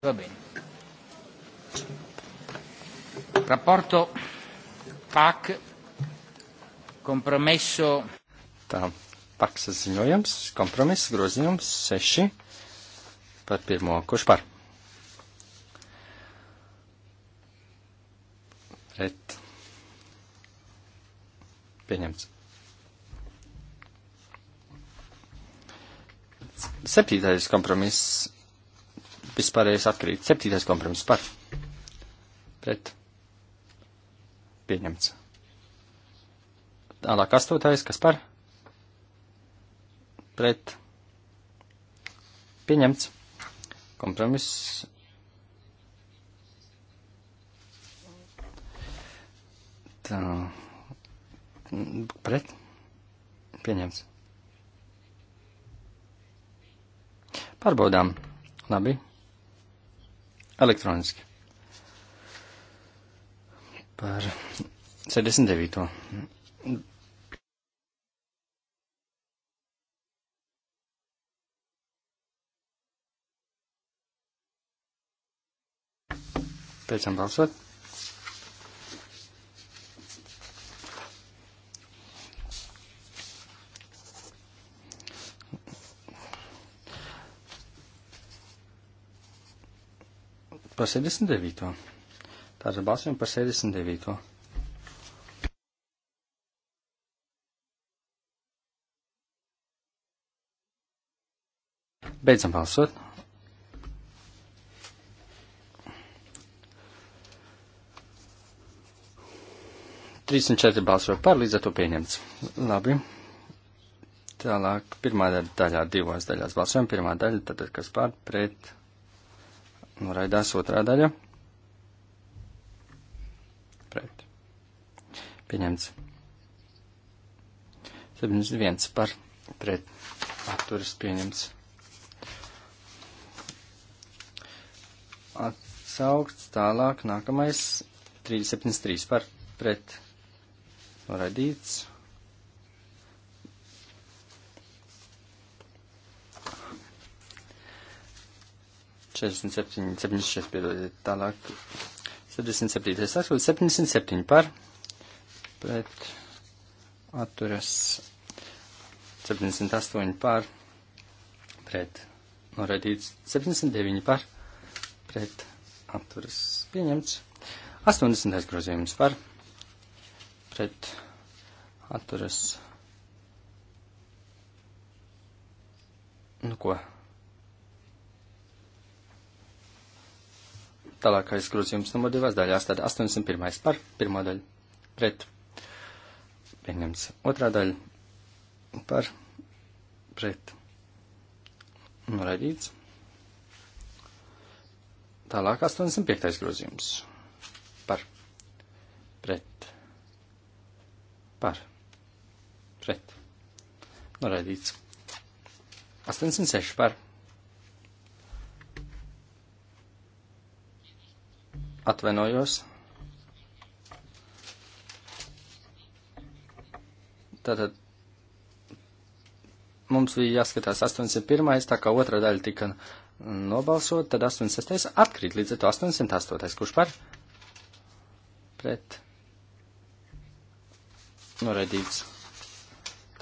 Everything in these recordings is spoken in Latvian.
Va bene. Rapporto PAC kompromisu. Tā, paksas ziņojums, kompromiss grozījums 6 par pirmo. Kurš par? Pret. Pieņemts. Septītais kompromiss vispārējais atkarīgs. Septītais kompromiss par. Pret. Pieņemts. Tālāk astotais, kas par? Pret. Pieņemts. Kompromiss. Tā. Pret. Pieņemts. Pārbaudām. Labi elektroniski. Par 69. Pēc tam balsot. par 69. Tātad balsojam par 69. Beidzam balsot. Trīs un četri balsoja par, līdz ar to pieņemts. Labi. Tālāk, pirmā daļā divās daļās balsojam. Pirmā daļa, tad kas pār pret Noraidās nu, otrā daļa. Pret. Pieņemts. 71 par pret. Atturis pieņemts. Atsaukts tālāk nākamais 373 par pret. Noraidīts. 67, 76 piedodiet tālāk. 77. Atkal 77 par. Pret atturas 78 par. Pret noraidīts 79 par. Pret atturas pieņemts. 80. grozījums par. Pret atturas. Nu ko? Tālākais grozījums numur divās daļās, tad 81. par pirmo daļu pret pieņems. Otrā daļa par pret noraidīts. Tālāk 85. grozījums par pret par pret noraidīts. 86 par pret Atvainojos. Tātad mums bija jāskatās 801, tā kā otrā daļa tika nobalsot, tad 86 atkrīt līdz ar to 808, kurš par pret noraidīts.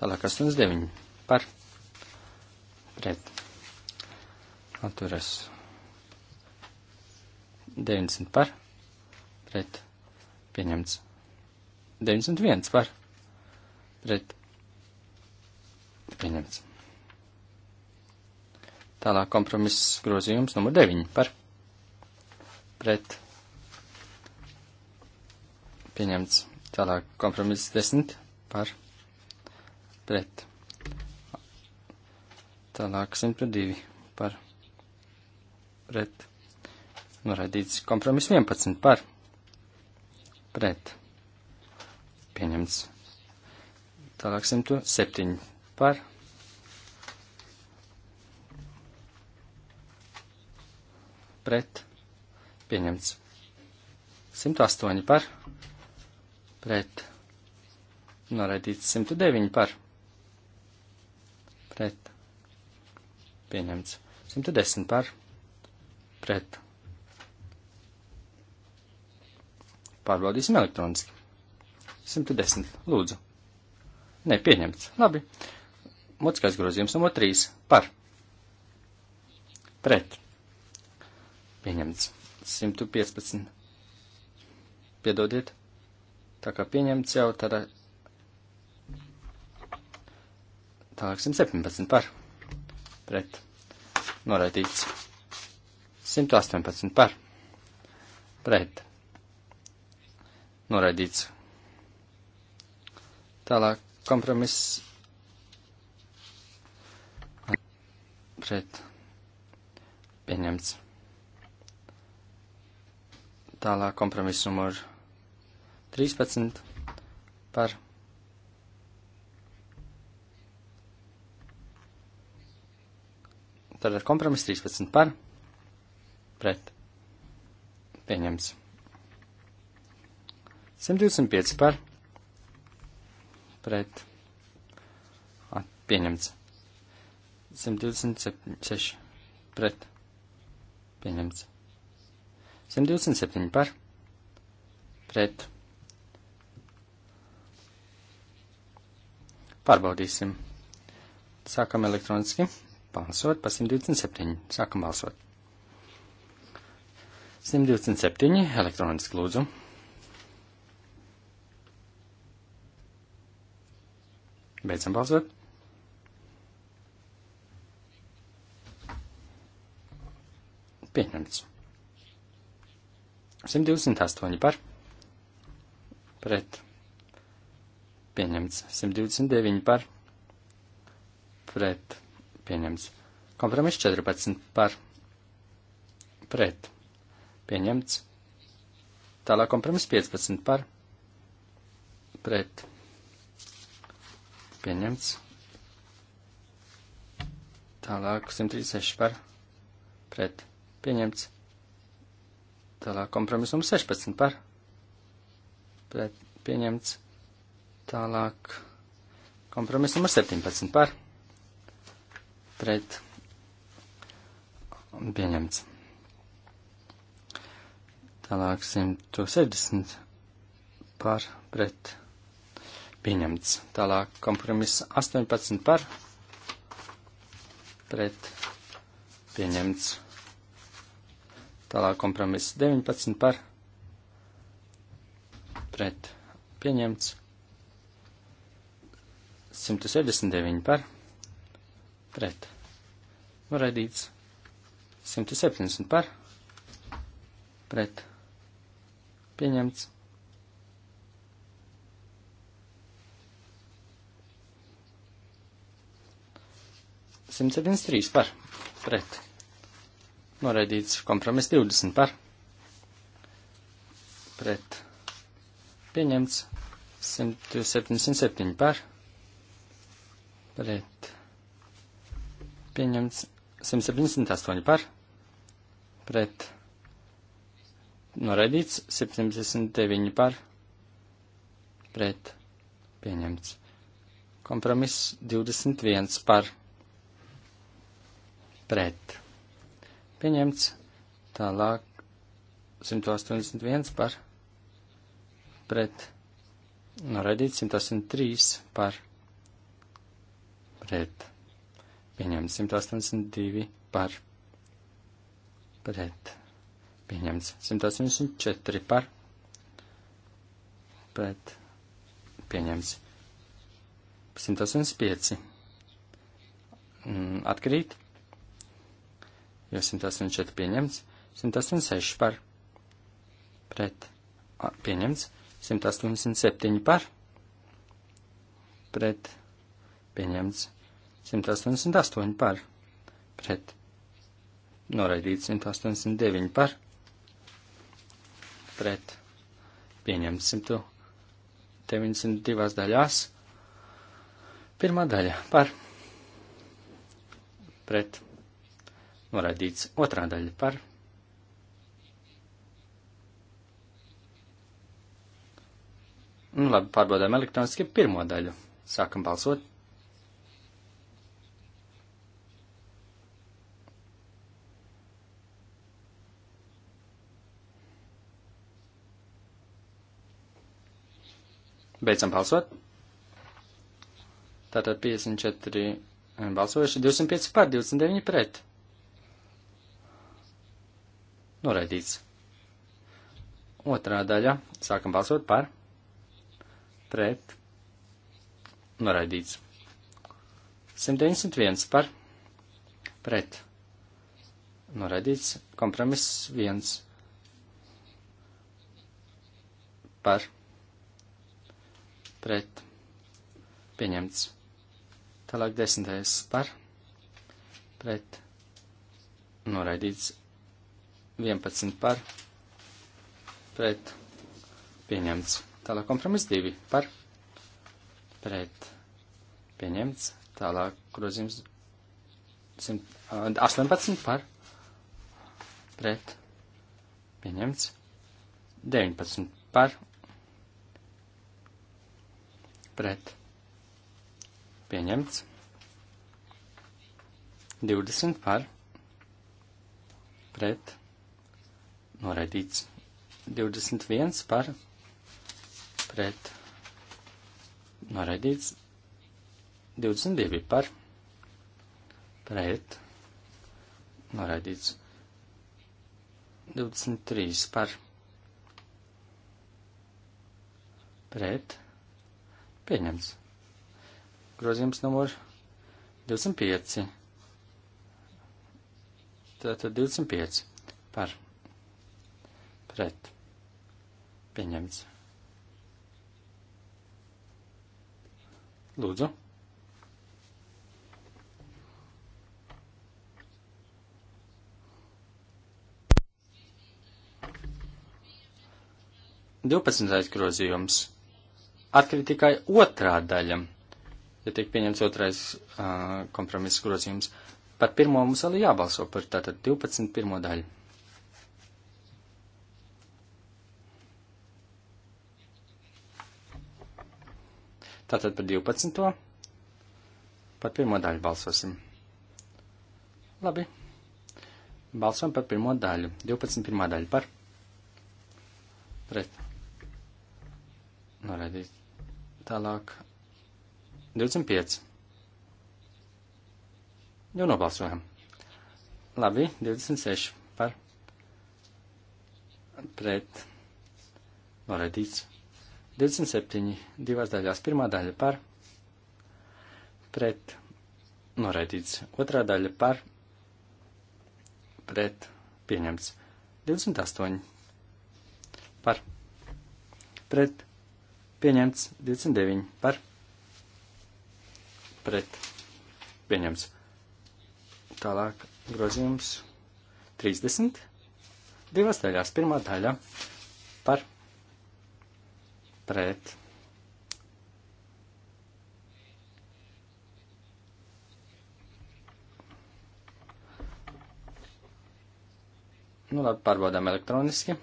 Tālāk 89 par pret atturas 90 par, pret, pieņemts. 91 par, pret, pieņemts. Tālāk kompromiss grozījums numur 9 par, pret, pieņemts. Tālāk kompromiss 10 par, pret. Tālāk 102 par, pret Noraidīts kompromiss 11 par. Pret. Pieņemts. Tālāk 107 par. Pret. Pieņemts. 108 par. Pret. Noraidīts 109 par. Pret. Pieņemts. 110 par. Pret Pārbaudīsim elektroniski. 110. Lūdzu. Nē, pieņemts. Labi. Mutiskais grozījums numur 3. Par. Pret. Pieņemts. 115. Piedodiet. Tā kā pieņemts jau tādā. Eh, tālāk 117 par. Pret. Noraidīts. 118 par. Pret noraidīts. Tālāk kompromiss pret pieņemts. Tālāk kompromiss numur 13 par Tātad kompromiss 13 par pret pieņemts. 125 par pret at, pieņemts. 126 pret pieņemts. 127 par pret. Pārbaudīsim. Sākam elektroniski balsot par 127. Sākam balsot. 127 elektroniski lūdzu. Beidzam balsot. Pieņemts. 128 par. Pret. Pieņemts. 129 par. Pret. Pieņemts. Kompromiss 14 par. Pret. Pieņemts. Tālāk kompromiss 15 par. Pret Pieņemts. Tālāk 136 par pret. Pieņemts. Tālāk kompromisums 16 par pret. Pieņemts. Tālāk kompromisum ar 17 par pret. Pieņemts. Tālāk 160 par pret Pieņemts. Tālāk kompromiss 18 par. Pret. Pieņemts. Tālāk kompromiss 19 par. Pret. Pieņemts. 169 par. Pret. Noraidīts. 170 par. Pret. Pieņemts. 173 par pret. Noraidīts kompromiss 20 par pret. Pieņemts 177 par pret. Pieņemts 178 par pret. Noraidīts 79 par pret. Pieņemts kompromiss 21 par pret pret. Pieņemts tālāk 181 par pret. Noraidīts 183 par pret. Pieņemts 182 par pret. Pieņemts 184 par pret. Pieņemts 185. Mm, atkrīt jo 184 pieņemts, 186 par, pret, pieņemts, 187 par, pret, pieņemts, 188 par, pret, noraidīts 189 par, pret, pieņemts 192 daļās, pirmā daļa par, pret, Noraidīts otrā daļa par. Nu, labi, pārbaudām elektroniski pirmo daļu. Sākam balsot. Beidzam balsot. Tātad 54 balsojuši, 205 pār, 29 pret. Noraidīts. Otrā daļa. Sākam balsot par. Pret. Noraidīts. 191 par. Pret. Noraidīts. Kompromiss 1. Par. Pret. Pieņemts. Tālāk desmitais par. Pret. Noraidīts. 11 par pret pieņemts. Tālāk kompromiss 2 par pret pieņemts. Tālāk grozījums 18 par pret pieņemts. 19 par pret pieņemts. 20 par pret pieņemts noraidīts. 21 par pret noraidīts. 22 par pret noraidīts. 23 par pret pieņems. Grozījums numur 25. Tātad 25 par pret pret pieņemts. Lūdzu. Divpadsmitais grozījums. Atkrīt tikai otrā daļa, ja tiek pieņemts otrais uh, kompromiss grozījums. Par pirmo mums vēl jābalso par tātad 12. pirmo daļu. Tātad par 12. Par pirmo daļu balsosim. Labi. Balsojam par pirmo daļu. 12. pirmā daļa par. Pret. Noraidīt. Tālāk. 25. Jau nobalsojam. Labi, 26 par pret noraidīts. 27. divās daļās. Pirmā daļa par pret noraidīts. Otrā daļa par pret pieņemts. 28. Par pret pieņemts. 29. Par pret pieņemts. Tālāk grozījums 30. Divās daļās. Pirmā daļa par pret pret Nu labi, pārbaudām elektroniski.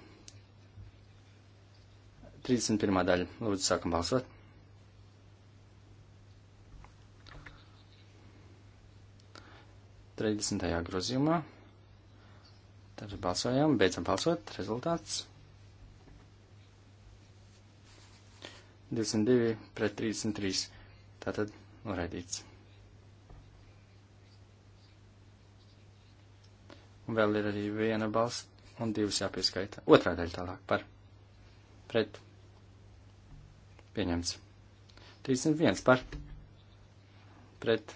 31. daļa. Lūdzu, sākam balsot. Trīsdesmitajā grozījumā. Tad balsojām, beidzam balsot, rezultāts 22 pret 33. Tātad noraidīts. Un vēl ir arī viena balss un divas jāpieskaita. Otrā daļa tālāk par pret. Pieņemts. 31 par pret.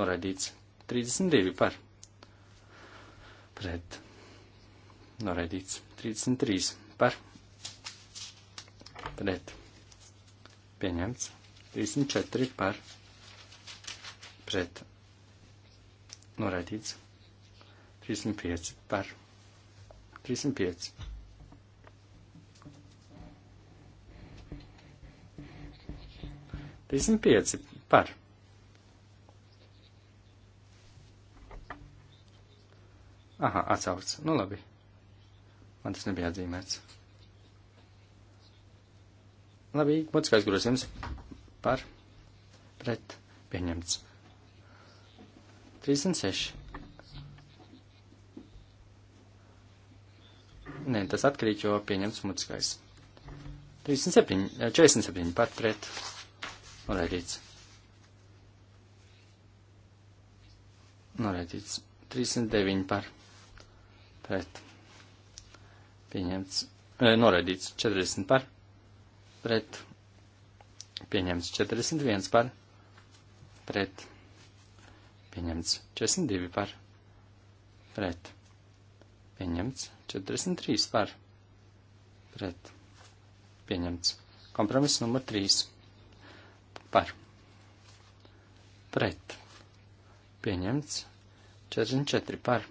Noraidīts. 32 par pret. Noraidīts. 33 par pret Pieņemts. 34 par pret. Noraidīts. 35 par. 35. Trīsdesmit pieci par. Aha, atsaukts. Nu labi. Man tas nebija atzīmēts. Labi, mutiskais grozījums par pret pieņemts. 36. Nē, tas atkarīgs, jo pieņemts mutiskais. 37, 47 eh, par pret noraidīts. Noraidīts. 39 par pret pieņemts. E, noraidīts. 40 par pret pret pieņemts 41 par, pret pieņemts 42 par, pret pieņemts 43 par, pret pieņemts kompromiss numur 3 par, pret pieņemts 44 par,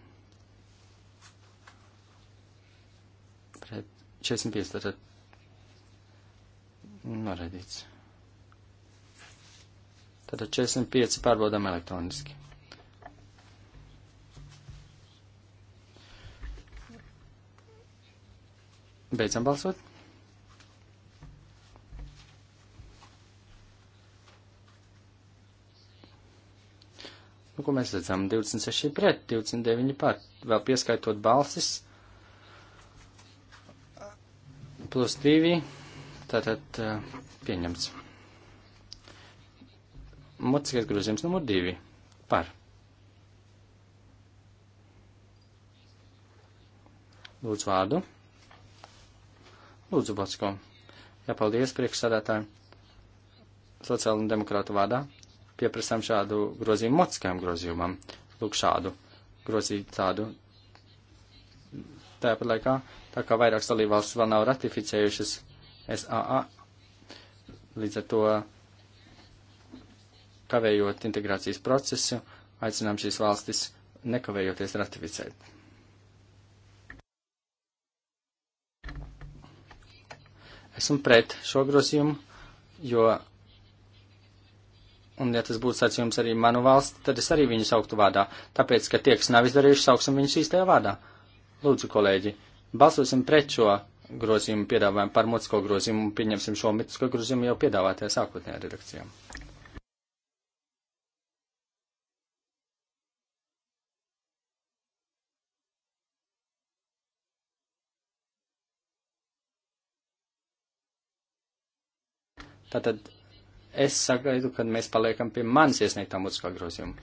pret 45 tātad Noraidīts. Tātad 45 pārbaudām elektroniski. Beidzam balsot. Nu, ko mēs redzam? 26 pret, 29 pār. Vēl pieskaitot balsis. Plus 2. Tātad eh, pieņemts. Mocīgais grozījums numur divi. Par. Lūdzu vārdu. Lūdzu, Bocko. Jā, paldies priekšsādātājiem. Sociāla un demokrāta vārdā pieprasām šādu grozījumu mocīgajam grozījumam. Lūk, šādu grozīt tādu. Tāpat laikā, tā kā vairākas dalībvalstis vēl nav ratificējušas SAA. Līdz ar to kavējot integrācijas procesu, aicinām šīs valstis nekavējoties ratificēt. Esmu pret šo grozījumu, jo, un ja tas būtu sacījums arī manu valsti, tad es arī viņu sauktu vārdā, tāpēc, ka tie, kas nav izdarījuši, sauksim viņus īstajā vārdā. Lūdzu, kolēģi, balsosim pret šo grozījumu piedāvājumu, par mutisko grozījumu, pieņemsim šo mutisko grozījumu jau piedāvātajā sākotnējā redakcijā. Tātad es sagaidu, kad mēs paliekam pie manas iesniegtā mutiskā grozījuma.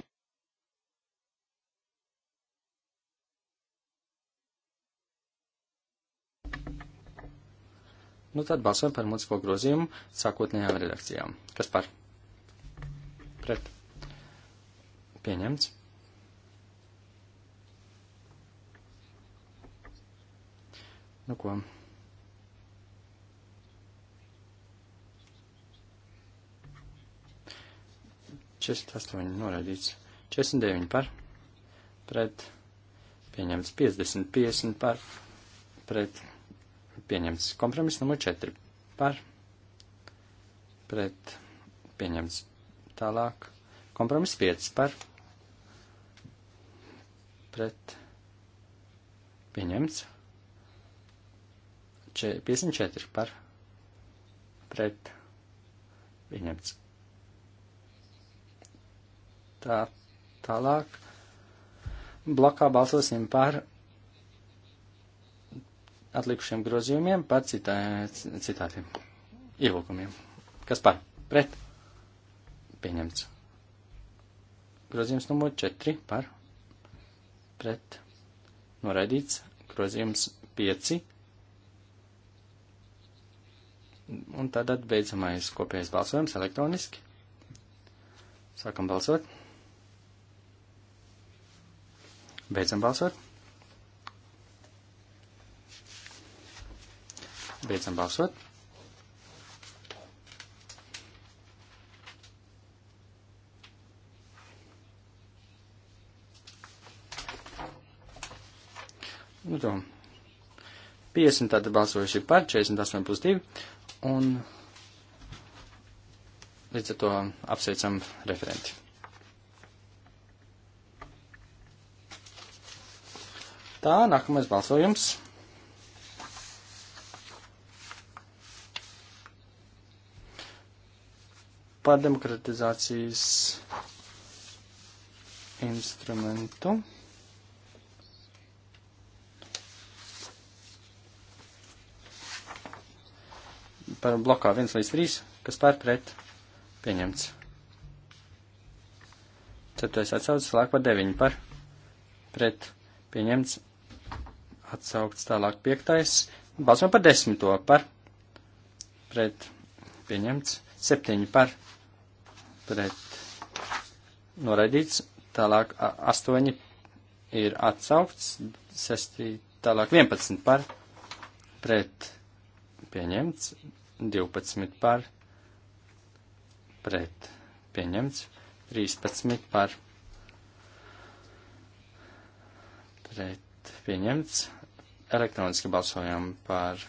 Nu tad balsojam par mūzisko grozījumu sākotnējām redakcijām. Kas par? Pret. Pieņemts. Nu ko? Četrdesmit astoņi noraidīts. Četrdesmit deviņi par. Pret. Pieņemts. Piecdesmit piecdesmit par. Pret pieņemts. Kompromiss numur 4 par pret pieņemts. Tālāk kompromiss 5 par pret pieņemts. 54 par pret pieņemts. Tā, tālāk blokā balsosim par atlikušiem grozījumiem par citā, citātiem ielūkumiem. Kas par? Pret. Pieņemts. Grozījums numur 4 par. Pret. Noraidīts. Grozījums 5. Un tad beidzamais kopējais balsojums elektroniski. Sākam balsot. Beidzam balsot. Beidzam balsot. Nu, to. 50 tātad balsojuši par, 48 plus 2, un līdz ar to apsveicam referenti. Tā, nākamais balsojums. par demokratizācijas instrumentu. Par blokā 1 līdz 3, kas pārpret pieņemts. 4. atsaucas tālāk par 9 par pret pieņemts. Atsaukts tālāk 5. Balsojam par 10. par pret pieņemts. 7 par pret pret noraidīts, tālāk 8 ir atsaukts, 6, tālāk 11 par pret pieņemts, 12 par pret pieņemts, 13 par pret pieņemts, elektroniski balsojam par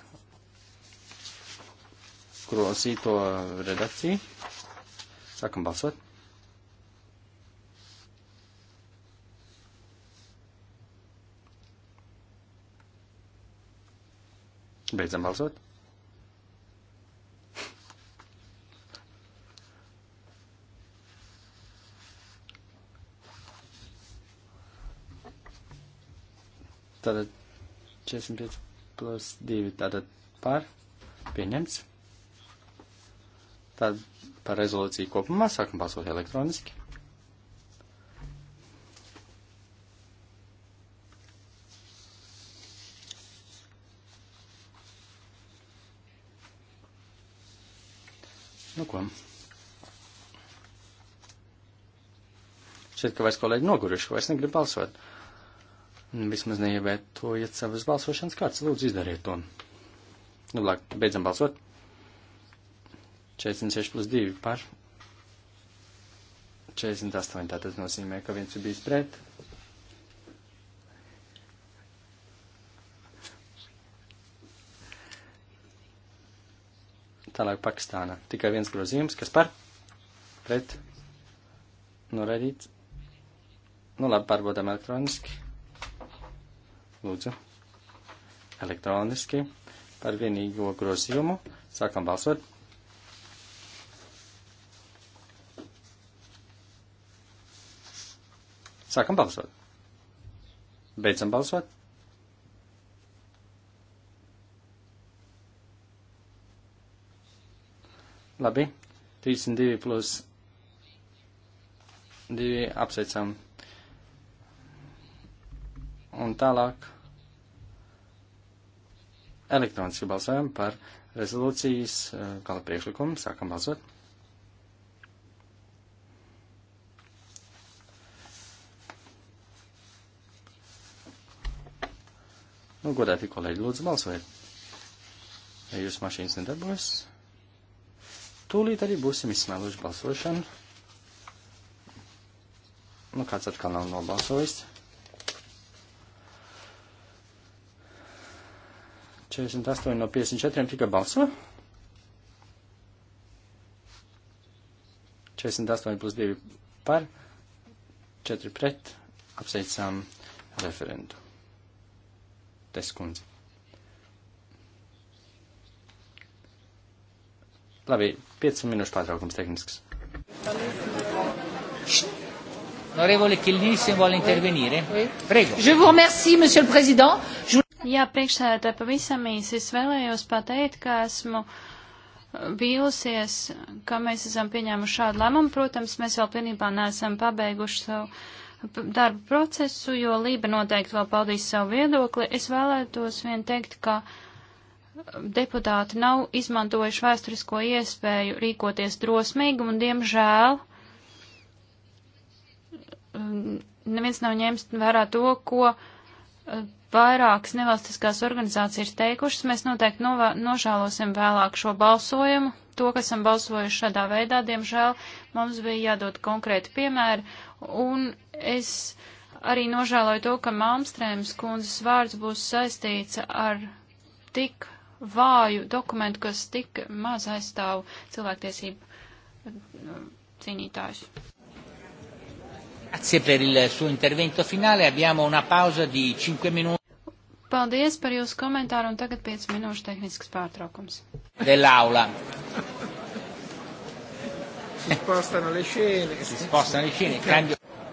grozīto redakciju. Sākam balsot. Beidzam balsot. Tātad 45 plus 2, tātad pār, pieņemts. Tad par rezolūciju kopumā sākam balsot elektroniski. Nu, ko? Šķiet, ka vairs kolēģi noguruši, ka vairs negrib balsot. Nu, vismaz neievērtojiet savas balsošanas kārtas, lūdzu izdariet to. Nu, labi, beidzam balsot. 46 plus 2 par 48. Tātad nozīmē, ka viens ir bijis pret. Tālāk Pakistāna. Tikai viens grozījums, kas par pret noraidīts. Nu labi, pārbaudām elektroniski. Lūdzu. Elektroniski par vienīgo grozījumu. Sākam balsot. Sākam balsot. Beidzam balsot. Labi. 32 plus 2 apsveicam. Un tālāk elektroniski balsojam par rezolūcijas eh, gala priekšlikumu. Sākam balsot. Nu, godēti kolēģi, lūdzu balsojiet. Ja jūs mašīnas nedarbojas, tūlīt arī būsim izsmēluši balsošanu. Nu, kāds atkal nav nobalsojis. 48 no 54 tikai balso. 48 plus 2 par, 4 pret, apsveicām referentu. Teskundze. Labi, 5 minūšu pārtraukums tehnisks. Onorevole Kilnīsim vēl intervenīre. Prego. Je vous remercie, monsieur le président. Jā, priekšsēdētāji, pavisam īsi es vēlējos pateikt, ka esmu vīlusies, ka mēs esam pieņēmuši šādu lēmumu. Protams, mēs vēl pilnībā neesam pabeiguši savu darba procesu, jo Lība noteikti vēl paudīs savu viedokli. Es vēlētos vien teikt, ka deputāti nav izmantojuši vēsturisko iespēju rīkoties drosmīgi un, diemžēl, neviens nav ņēmis vērā to, ko eh, vairākas nevalstiskās organizācijas teikušas. Mēs noteikti novā, nožēlosim vēlāk šo balsojumu. To, kas esam balsojuši šādā veidā, diemžēl mums bija jādod konkrēti piemēri. Un Es arī nožēloju to, ka Malmstrēms kundzes vārds būs saistīts ar tik vāju dokumentu, kas tik maz aizstāv cilvēktiesību nu, cīnītājus. Grazie per il suo intervento finale. Abbiamo una pausa di 5 minuti. Paldies par jūsu komentāru un tagad 5 minūšu tehnisks pārtraukums. Dell'aula. Si spostano le scene. Si spostano le scene. Cambio.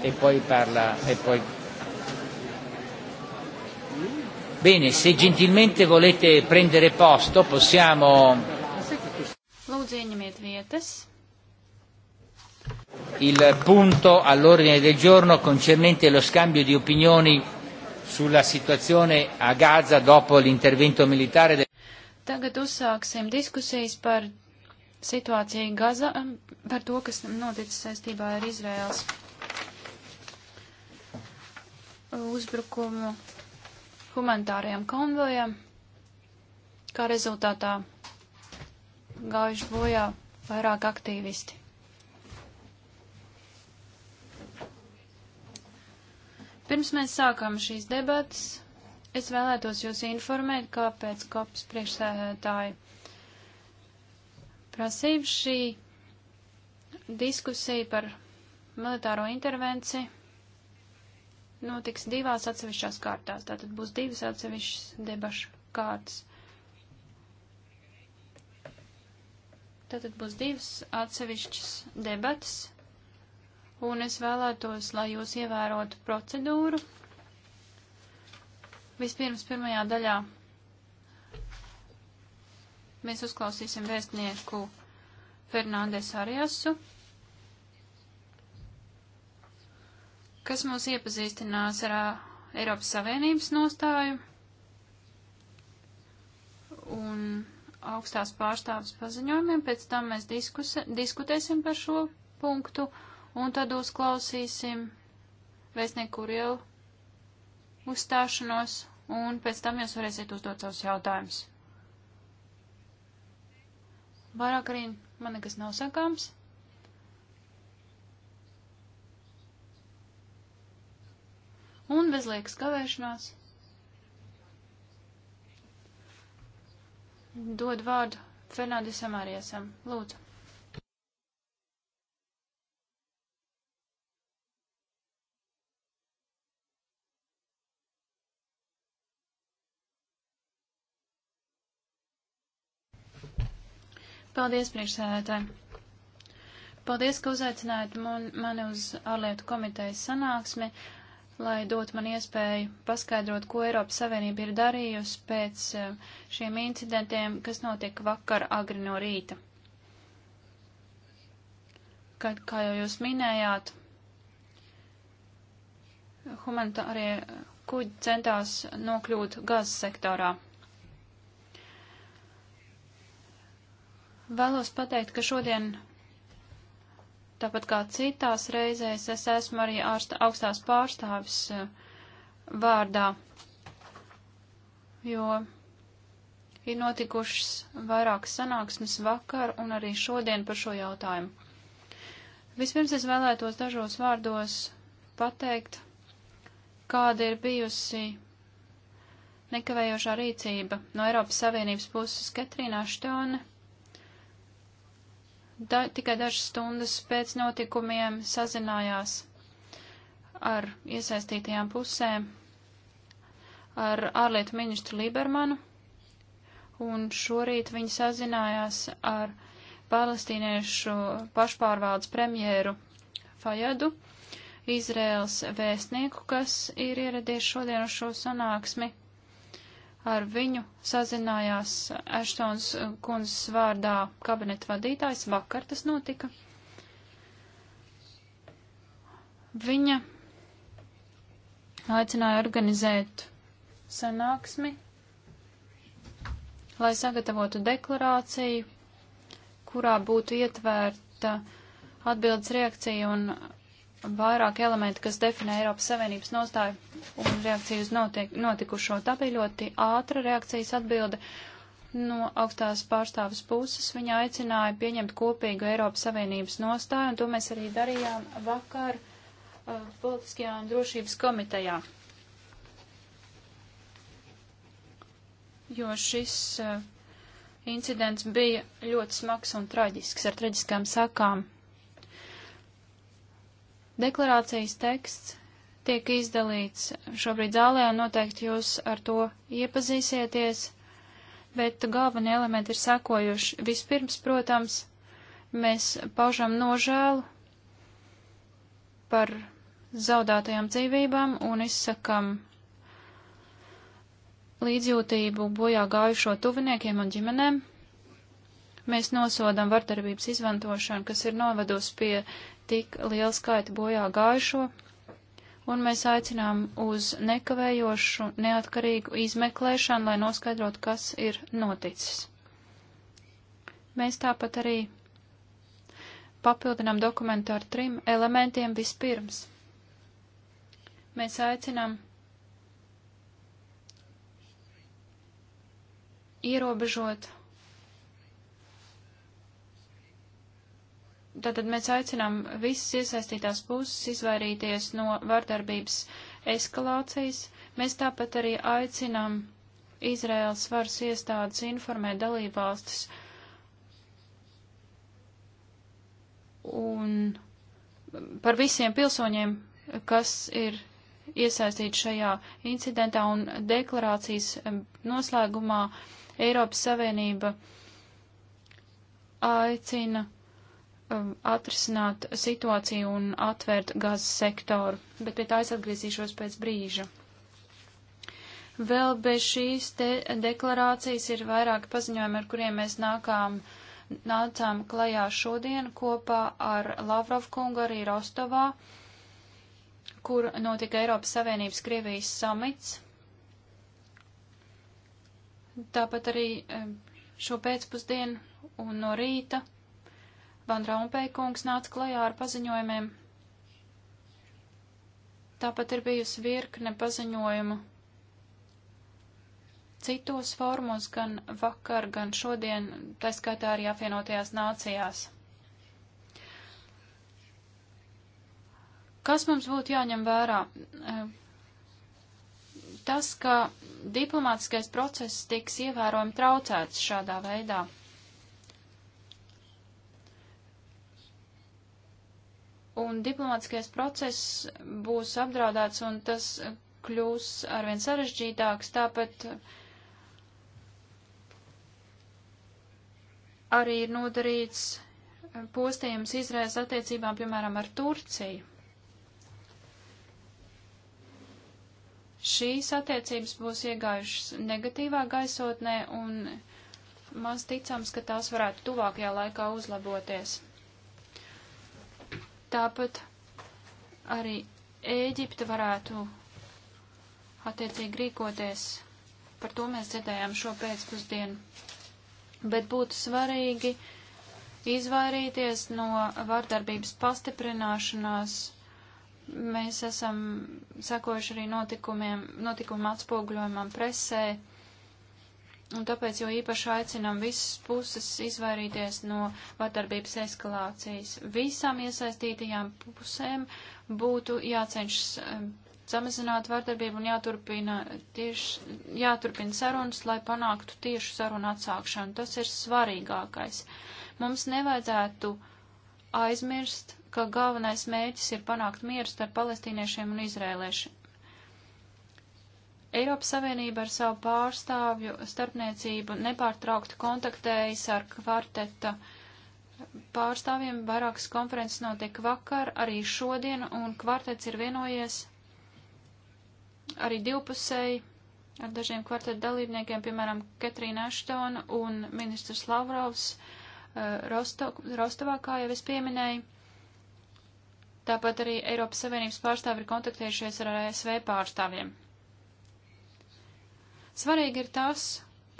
e poi parla e poi Bene, se gentilmente volete prendere posto, possiamo Lūdzu, ieņemiet vietas. Il punto all'ordine del giorno concernente lo scambio di opinioni sulla situazione a Gaza dopo l'intervento militare del Tagad uzsāksim diskusijas par situāciju Gaza par to, kas noticis saistībā ar Izraels uzbrukumu humanitārajam konvojam, kā rezultātā gājuši bojā vairāk aktīvisti. Pirms mēs sākam šīs debatas, es vēlētos jūs informēt, kāpēc kops priekšsēdētāji prasība šī diskusija par militāro intervenciju notiks divās atsevišķās kārtās. Tātad būs divas atsevišķas debašu kārtas. Tātad būs divas atsevišķas debatas, un es vēlētos, lai jūs ievērotu procedūru. Vispirms pirmajā daļā mēs uzklausīsim vēstnieku Fernandes Ariasu. kas mūs iepazīstinās ar Eiropas Savienības nostāju un augstās pārstāvis paziņojumiem, pēc tam mēs diskus, diskutēsim par šo punktu un tad uzklausīsim vēstnieku Rielu uzstāšanos un pēc tam jūs varēsiet uzdot savus jautājumus. Vairāk arī man nekas nav sakāms. un bez liekas kavēšanās dod vārdu Fernandesam Ariesam. Lūdzu. Paldies, priekšsēdētāji! Paldies, ka uzaicinājāt mani uz ārlietu komitejas sanāksmi. Uh, lai dot man iespēju paskaidrot, ko Eiropas Savienība ir darījusi pēc eh, šiem incidentiem, kas notiek vakar agri no rīta. Kad, kā jau jūs minējāt, humanitārie kuģi centās nokļūt gazas sektorā. Vēlos pateikt, ka šodien tāpat kā citās reizēs, es esmu arī ārsta, augstās pārstāvis eh, vārdā, jo ir notikušas vairākas sanāksmes vakar un arī šodien par šo jautājumu. Vispirms es vēlētos dažos vārdos pateikt, kāda ir bijusi nekavējošā rīcība no Eiropas Savienības puses Katrīnā Štone da, tikai dažas stundas pēc notikumiem sazinājās ar iesaistītajām pusēm, ar ārlietu ministru Libermanu, un šorīt viņi sazinājās ar palestīniešu pašpārvaldes premjēru Fajadu, Izraels vēstnieku, kas ir ieradies šodien uz šo sanāksmi. Ar viņu sazinājās Ashtons kundzes vārdā kabineta vadītājs, vakar tas notika. Viņa aicināja organizēt sanāksmi, lai sagatavotu deklarāciju, kurā būtu ietvērta atbildes reakcija un vairāk elementi, kas definē Eiropas Savienības nostāju un reakciju uz notiek, notikušo. Tā bija ļoti ātra reakcijas atbilde no augstās pārstāvis puses. Viņa aicināja pieņemt kopīgu Eiropas Savienības nostāju, un to mēs arī darījām vakar uh, politiskajā un drošības komitejā. Jo šis uh, incidents bija ļoti smags un traģisks ar traģiskām sakām. Deklarācijas teksts tiek izdalīts šobrīd zālē, un noteikti jūs ar to iepazīsieties, bet galvenie elementi ir sekojuši. Vispirms, protams, mēs paužam nožēlu par zaudētajām dzīvībām un izsakam līdzjūtību bojā gājušo tuviniekiem un ģimenēm. Mēs nosodam vardarbības izmantošanu, kas ir novedusi pie tik lielu skaitu bojā gājušo, un mēs aicinām uz nekavējošu, neatkarīgu izmeklēšanu, lai noskaidrotu, kas ir noticis. Mēs tāpat arī papildinām dokumentu ar trim elementiem vispirms. Mēs aicinām ierobežot Tātad mēs aicinām visas iesaistītās puses izvairīties no vardarbības eskalācijas. Mēs tāpat arī aicinām Izraēlas varas iestādes informēt dalībvalstis un par visiem pilsoņiem, kas ir iesaistīti šajā incidentā un deklarācijas noslēgumā Eiropas Savienība aicina Um, atrisināt situāciju un atvērt gazas sektoru, bet pie tā es atgriezīšos pēc brīža. Vēl bez šīs te deklarācijas ir vairāki paziņojumi, ar kuriem mēs nākām, nācām klajā šodien kopā ar Lavrov kungu arī Rostovā, kur notika Eiropas Savienības Krievijas samits. Tāpat arī um, šo pēcpusdienu un no rīta Van Rompeikungs nāca klajā ar paziņojumiem. Tāpat ir bijusi virkne paziņojumu citos formos, gan vakar, gan šodien, tā skaitā arī apvienotajās nācijās. Kas mums būtu jāņem vērā? E, tas, ka diplomātiskais process tiks ievērojami traucēts šādā veidā. un diplomātskais process būs apdraudēts, un tas kļūs arvien sarežģītāks, tāpat arī ir nodarīts postījums Izraels attiecībām, piemēram, ar Turciju. Šīs attiecības būs iegājušas negatīvā gaisotnē, un maz ticams, ka tās varētu tuvākajā laikā uzlaboties. Tāpat arī Ēģipte varētu attiecīgi rīkoties. Par to mēs dzirdējām šo pēcpusdienu. Bet būtu svarīgi izvairīties no vardarbības pastiprināšanās. Mēs esam sekojuši arī notikumiem, notikuma atspoguļojumam presē. Un tāpēc jau īpaši aicinam visas puses izvairīties no vardarbības eskalācijas. Visām iesaistītajām pusēm būtu jācenšas samazināt vardarbību un jāturpina, tieši, jāturpina sarunas, lai panāktu tiešu sarunu atsākšanu. Tas ir svarīgākais. Mums nevajadzētu aizmirst, ka galvenais mērķis ir panākt mieru starp palestīniešiem un izrēliešiem Eiropas Savienība ar savu pārstāvju starpniecību nepārtraukti kontaktējas ar kvarteta pārstāvjiem. Vairākas konferences notiek vakar, arī šodien, un kvartets ir vienojies arī divpusēji ar dažiem kvarteta dalībniekiem, piemēram, Ketrīna Aštona un ministrs Lavrovs eh, Rosto, Rostovā, kā jau es pieminēju. Tāpat arī Eiropas Savienības pārstāvi ir kontaktējušies ar ASV pārstāvjiem. Svarīgi ir tas,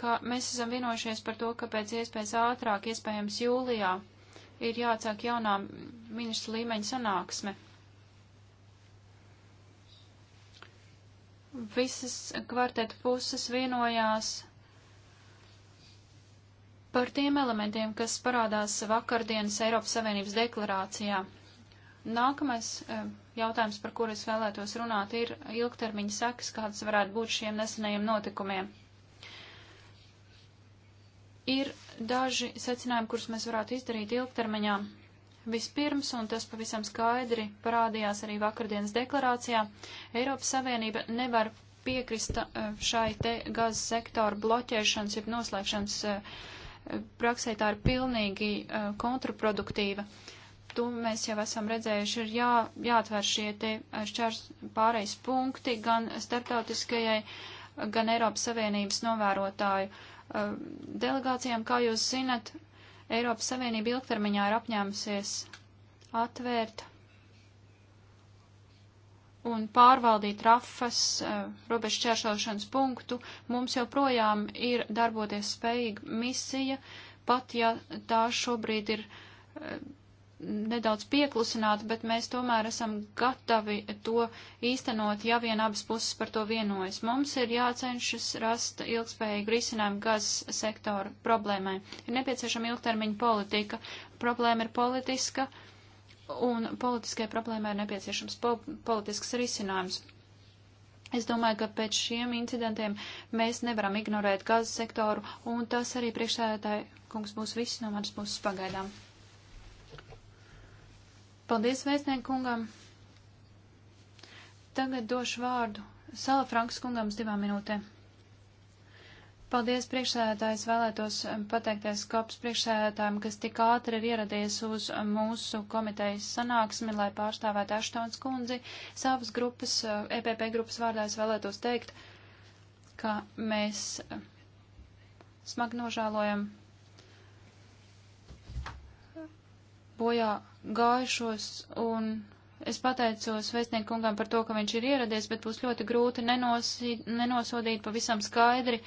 ka mēs esam vienojušies par to, ka pēc iespējas ātrāk, iespējams jūlijā, ir jāatsāk jaunā ministra līmeņa sanāksme. Visas kvarteta puses vienojās par tiem elementiem, kas parādās vakardienas Eiropas Savienības deklarācijā. Nākamais eh, jautājums, par kuru es vēlētos runāt, ir ilgtermiņa sekas, kādas varētu būt šiem nesenajiem notikumiem. Ir daži secinājumi, kurus mēs varētu izdarīt ilgtermiņā. Vispirms, un tas pavisam skaidri parādījās arī vakardienas deklarācijā, Eiropas Savienība nevar piekrist uh, šai te gazas sektora bloķēšanas, jeb noslēgšanas uh, praksē tā ir pilnīgi uh, kontraproduktīva. Uh, to mēs jau esam redzējuši, ir jā, jāatver šie te šķērs pārejas punkti gan starptautiskajai, gan Eiropas Savienības novērotāju uh, delegācijām. Kā jūs zinat, Eiropas Savienība ilgtermiņā ir apņēmusies atvērt un pārvaldīt rafas uh, robežu čēršošanas punktu. Mums joprojām ir darboties spējīga misija, pat ja tā šobrīd ir uh, nedaudz pieklusināt, bet mēs tomēr esam gatavi to īstenot, ja vien abas puses par to vienojas. Mums ir jācenšas rast ilgspējīgu risinājumu gazas sektora problēmai. Ir nepieciešama ilgtermiņa politika. Problēma ir politiska, un politiskai problēmai ir nepieciešams po politisks risinājums. Es domāju, ka pēc šiem incidentiem mēs nevaram ignorēt gazas sektoru, un tas arī priekšsēdētāji, kungs, būs viss no manas puses pagaidām. Paldies vēstniekungam. Tagad došu vārdu Sala Franks kungam uz divām minūtēm. Paldies priekšsēdētājs vēlētos um, pateikties kops priekšsēdētājiem, kas tik ātri ir ieradies uz um, mūsu komitejas sanāksmi, lai pārstāvētu Aštons kundzi. Savas grupas, uh, EPP grupas vārdā es vēlētos teikt, ka mēs um, smagi nožēlojam bojā gājušos, un es pateicos vēstnieku kungam par to, ka viņš ir ieradies, bet būs ļoti grūti nenosī, nenosodīt pavisam skaidri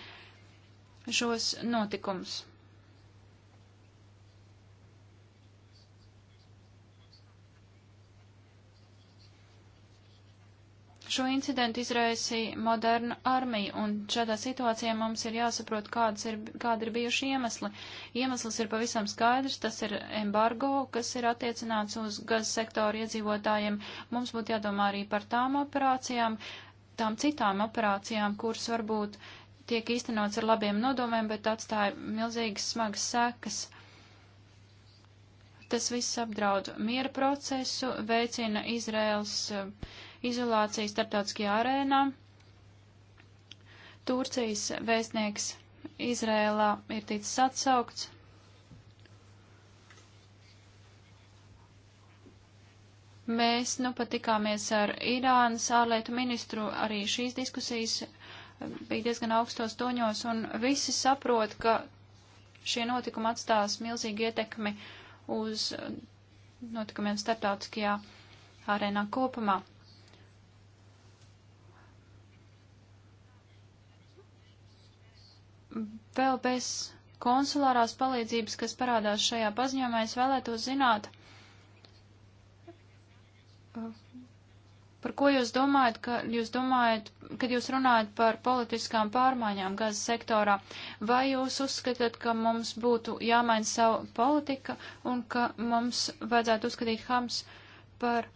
šos notikumus. Šo incidentu izraisīja moderna armija, un šādā situācijā mums ir jāsaprot, kādas ir, kāda ir bijuši iemesli. Iemesls ir pavisam skaidrs, tas ir embargo, kas ir attiecināts uz gaz sektoru iedzīvotājiem. Mums būtu jādomā arī par tām operācijām, tām citām operācijām, kuras varbūt tiek īstenots ar labiem nodomiem, bet atstāja milzīgas smagas sekas. Tas viss apdraud miera procesu, veicina Izraels uh, izolāciju starptautiskajā arēnā. Turcijas vēstnieks Izrēlā ir ticis atsaukts. Mēs nu pat tikāmies ar Irānas ārlietu ministru, arī šīs diskusijas eh, bija diezgan augstos toņos, un visi saprot, ka šie notikumi atstās milzīgu ietekmi uz eh, notikumiem starptautiskajā arēnā kopumā. vēl bez konsulārās palīdzības, kas parādās šajā paziņojumā, es vēlētos zināt, par ko jūs domājat, ka jūs domājat, kad jūs runājat par politiskām pārmaiņām gazas sektorā, vai jūs uzskatāt, ka mums būtu jāmaina savu politika un ka mums vajadzētu uzskatīt Hams par,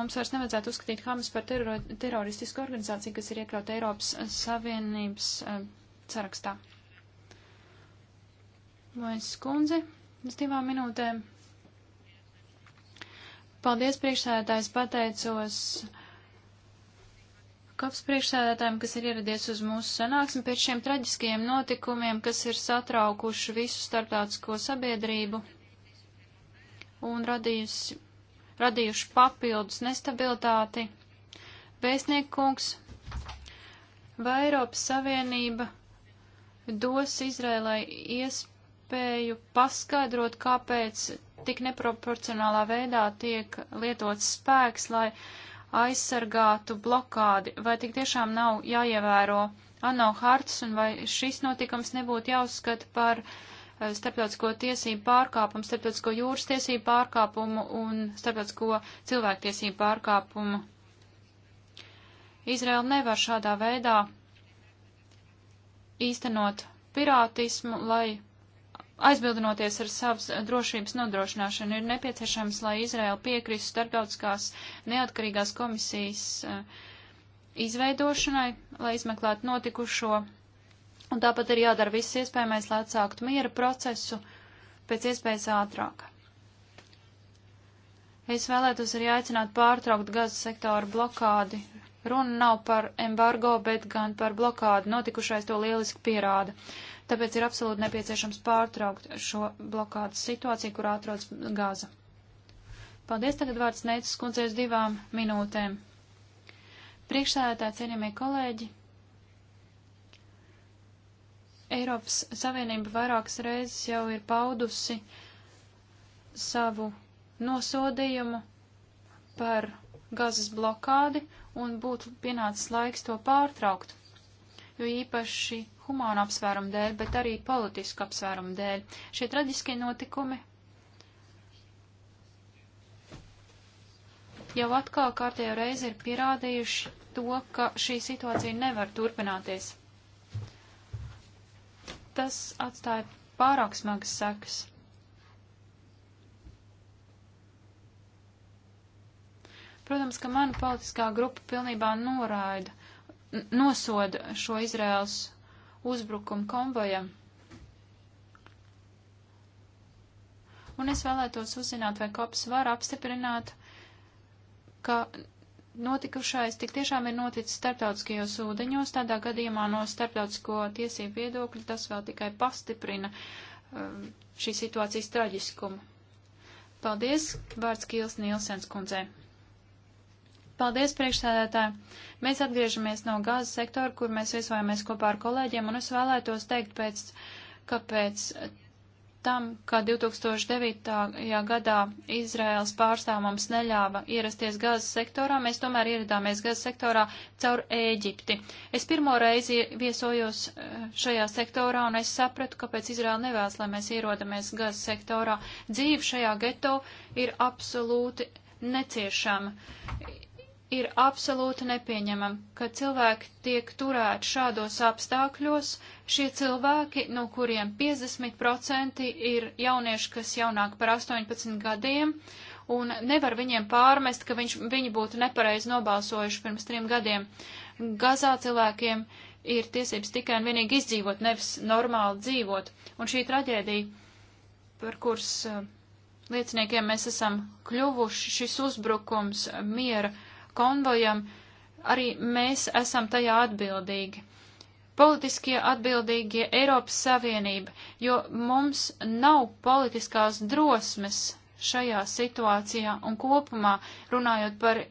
mums vairs nevajadzētu uzskatīt Hams par teror, teroristisku organizāciju, kas ir iekļauta Eiropas Savienības uh, sarakstā. Lojas skundze, uz divām minūtēm. Paldies priekšsēdētājs, pateicos kops priekšsēdētājiem, kas ir ieradies uz mūsu sanāksmi pēc šiem traģiskajiem notikumiem, kas ir satraukuši visu starptautisko sabiedrību un radījusi, radījuši papildus nestabilitāti. Vēstnieku kungs, vai Eiropas Savienība dos Izrēlai iespēju paskaidrot, kāpēc tik neproporcionālā veidā tiek lietots spēks, lai aizsargātu blokādi, vai tik tiešām nav jāievēro ANO hartas un vai šis notikums nebūtu jāuzskata par eh, starptautisko tiesību pārkāpumu, starptautisko jūras tiesību pārkāpumu un starptautisko cilvēktiesību pārkāpumu. Izraela nevar šādā veidā īstenot pirātismu, lai aizbildinoties ar savas drošības nodrošināšanu, ir nepieciešams, lai Izraela piekristu starptautiskās neatkarīgās komisijas eh, izveidošanai, lai izmeklētu notikušo. Un tāpat ir jādara viss iespējamais, lai atsāktu miera procesu pēc iespējas ātrāk. Es vēlētos arī aicināt pārtraukt gazas sektoru blokādi Runa nav par embargo, bet gan par blokādu. Notikušais to lieliski pierāda. Tāpēc ir absolūti nepieciešams pārtraukt šo blokādas situāciju, kur atrodas Gaza. Paldies, tagad vārds neicis kundzēs divām minūtēm. Priekšsēdētāji, cienījamie kolēģi, Eiropas Savienība vairākas reizes jau ir paudusi savu nosodījumu par gazas blokādi un būtu pienācis laiks to pārtraukt, jo īpaši humāna apsvērumu dēļ, bet arī politisku apsvērumu dēļ. Šie traģiskie notikumi jau atkal kārtējo reizi ir pierādījuši to, ka šī situācija nevar turpināties. Tas atstāja pārāk smagas sekas. Protams, ka mana politiskā grupa pilnībā noraida, nosoda šo Izraels uzbrukumu konvojam. Un es vēlētos uzzināt, vai kops var apstiprināt, ka notikušais tik tiešām ir noticis starptautiskajos ūdeņos, tādā gadījumā no starptautisko tiesību viedokļa tas vēl tikai pastiprina um, šī situācijas traģiskumu. Paldies, vārds Kīls Nielsens kundzei. Paldies, priekšsēdētāji! Mēs atgriežamies no gāzes sektora, kur mēs viesojamies kopā ar kolēģiem, un es vēlētos teikt, pēc, ka pēc tam, ka 2009. gadā Izraels pārstāv mums neļāva ierasties gazas sektorā, mēs tomēr ieradāmies gazas sektorā caur Ēģipti. Es pirmo reizi viesojos eh, šajā sektorā un es sapratu, kāpēc Izraela nevēlas, lai mēs ierodamies gazas sektorā. Dzīve šajā geto ir absolūti neciešama ir absolūti nepieņemam, ka cilvēki tiek turēti šādos apstākļos, šie cilvēki, no kuriem 50% ir jaunieši, kas jaunāk par 18 gadiem, un nevar viņiem pārmest, ka viņš, viņi būtu nepareizi nobalsojuši pirms trim gadiem. Gazā cilvēkiem ir tiesības tikai un vienīgi izdzīvot, nevis normāli dzīvot, un šī traģēdija, par kuras eh, lieciniekiem mēs esam kļuvuši, šis uzbrukums miera, konvojam, arī mēs esam tajā atbildīgi. Politiskie atbildīgie Eiropas Savienība, jo mums nav politiskās drosmes šajā situācijā un kopumā runājot par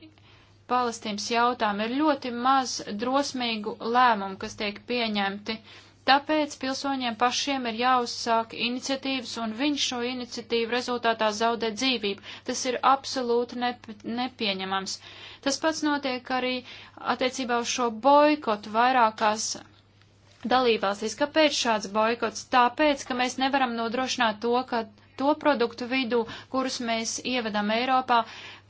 Palestīnas jautājumu, ir ļoti maz drosmīgu lēmumu, kas tiek pieņemti. Uh, Tāpēc pilsoņiem pašiem ir jāuzsāk iniciatīvas, un viņš šo iniciatīvu rezultātā zaudē dzīvību. Tas ir absolūti nep nepieņemams. Tas pats notiek arī attiecībā uz šo boikotu vairākās dalībvalstīs. Kāpēc šāds boikots? Tāpēc, ka mēs nevaram nodrošināt to, ka to produktu vidū, kurus mēs ievedam Eiropā,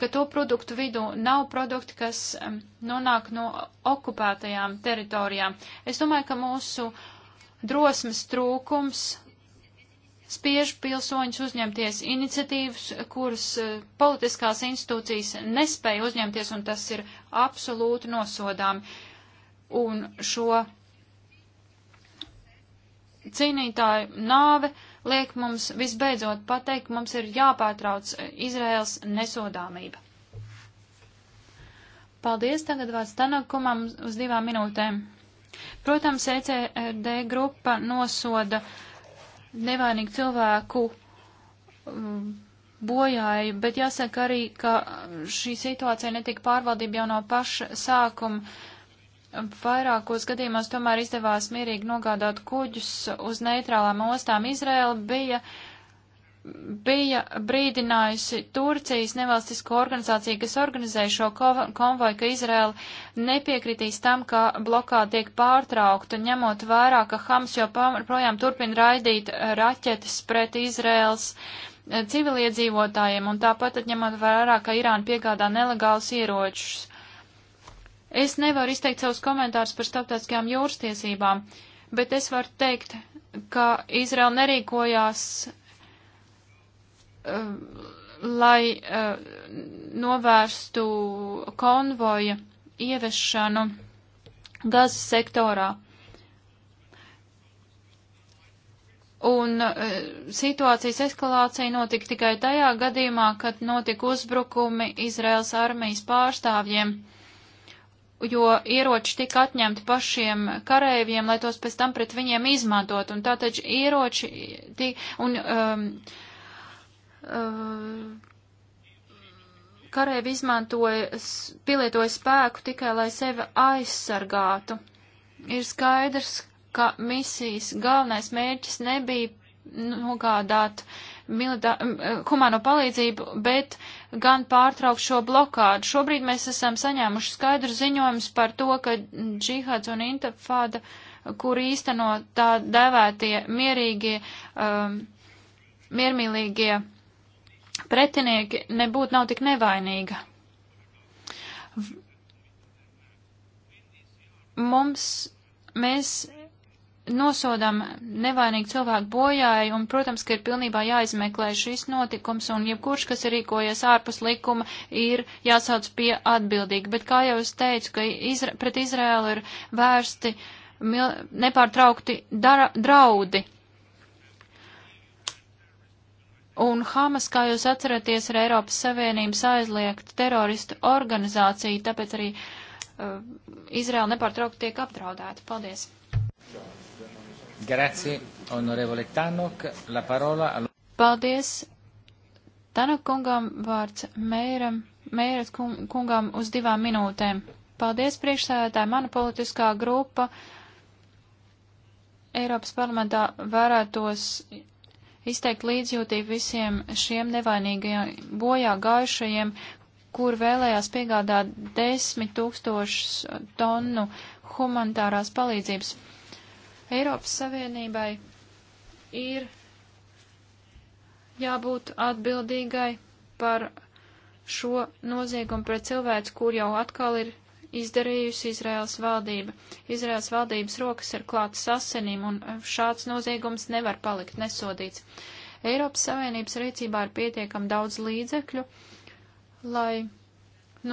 ka to produktu vidū nav produkti, kas um, nonāk no okupētajām teritorijām. Es domāju, ka mūsu uh, drosmes trūkums spiež pilsoņus uzņemties iniciatīvas, kuras eh, politiskās institūcijas nespēja uzņemties, un tas ir absolūti nosodām. Un šo cīnītāju nāve liek mums visbeidzot pateikt, mums ir jāpārtrauc Izraels nesodāmība. Paldies, tagad vārds Tanakumam uz divām minūtēm. Protams, ECD grupa nosoda nevainīgu cilvēku um, bojāju, bet jāsaka arī, ka šī situācija netika pārvaldība jau no paša sākuma. Vairākos gadījumos tomēr izdevās mierīgi nogādāt kuģus uz neitrālām ostām. Izraela bija uh, bija brīdinājusi Turcijas nevalstisko organizāciju, kas organizēja šo konvoju, ka Izraela nepiekritīs tam, ka blokāda tiek pārtraukta, ņemot vērā, ka Hams joprojām turpina raidīt raķetes pret Izraels e, civiliedzīvotājiem un tāpat ņemot vērā, ka Irāna piegādā nelegālus ieročus. Es nevaru izteikt savus komentārus par starptautiskajām jūras tiesībām, bet es varu teikt, ka Izraela nerīkojās Um, lai uh, novērstu konvoja ieviešanu gazas sektorā. Un e, situācijas eskalācija notika tikai tajā gadījumā, kad notika uzbrukumi Izraels armijas pārstāvjiem, jo ieroči tika atņemti pašiem karējiem, lai tos pēc tam pret viņiem izmantot. Un tātad ieroči, tī, un um, e, Uh, karēvi izmantoja, pielietoja spēku tikai, lai sevi aizsargātu. Ir skaidrs, ka misijas galvenais mērķis nebija nogādāt militā, eh, humano palīdzību, bet gan pārtraukt šo blokādu. Šobrīd mēs esam saņēmuši skaidru ziņojumus par to, ka džihāds un intafāda, kur īsteno tā dēvētie mierīgie, um, miermīlīgie pretinieki nebūtu nav tik nevainīga. Mums, mēs nosodām nevainīgu cilvēku bojāju, un, protams, ka ir pilnībā jāizmeklē šis notikums, un jebkurš, kas ir rīkojies ārpus likuma, ir jāsauc pie atbildīgi. Bet, kā jau es teicu, ka izra pret Izraēlu ir vērsti nepārtraukti dara draudi. Un Hamas, kā jūs atceraties, ir Eiropas Savienības aizliegta teroristu organizācija, tāpēc arī uh, Izraela nepārtraukti tiek apdraudēta. Paldies! Grazie, onorevole Tanok, la parola. Paldies Tanok kungam, vārds Meiram, Meiras kungam uz divām minūtēm. Paldies priekšsēdētāji, mana politiskā grupa Eiropas parlamentā varētos izteikt līdzjūtību visiem šiem nevainīgajiem bojā gājušajiem, kur vēlējās piegādāt desmit tūkstošus tonnu humanitārās palīdzības. Eiropas Savienībai ir jābūt atbildīgai par šo noziegumu pret cilvēku, kur jau atkal ir izdarījusi Izraels valdība. Izraels valdības rokas ir klātas asinīm, un šāds noziegums nevar palikt nesodīts. Eiropas Savienības rīcībā ir pietiekam daudz līdzekļu, lai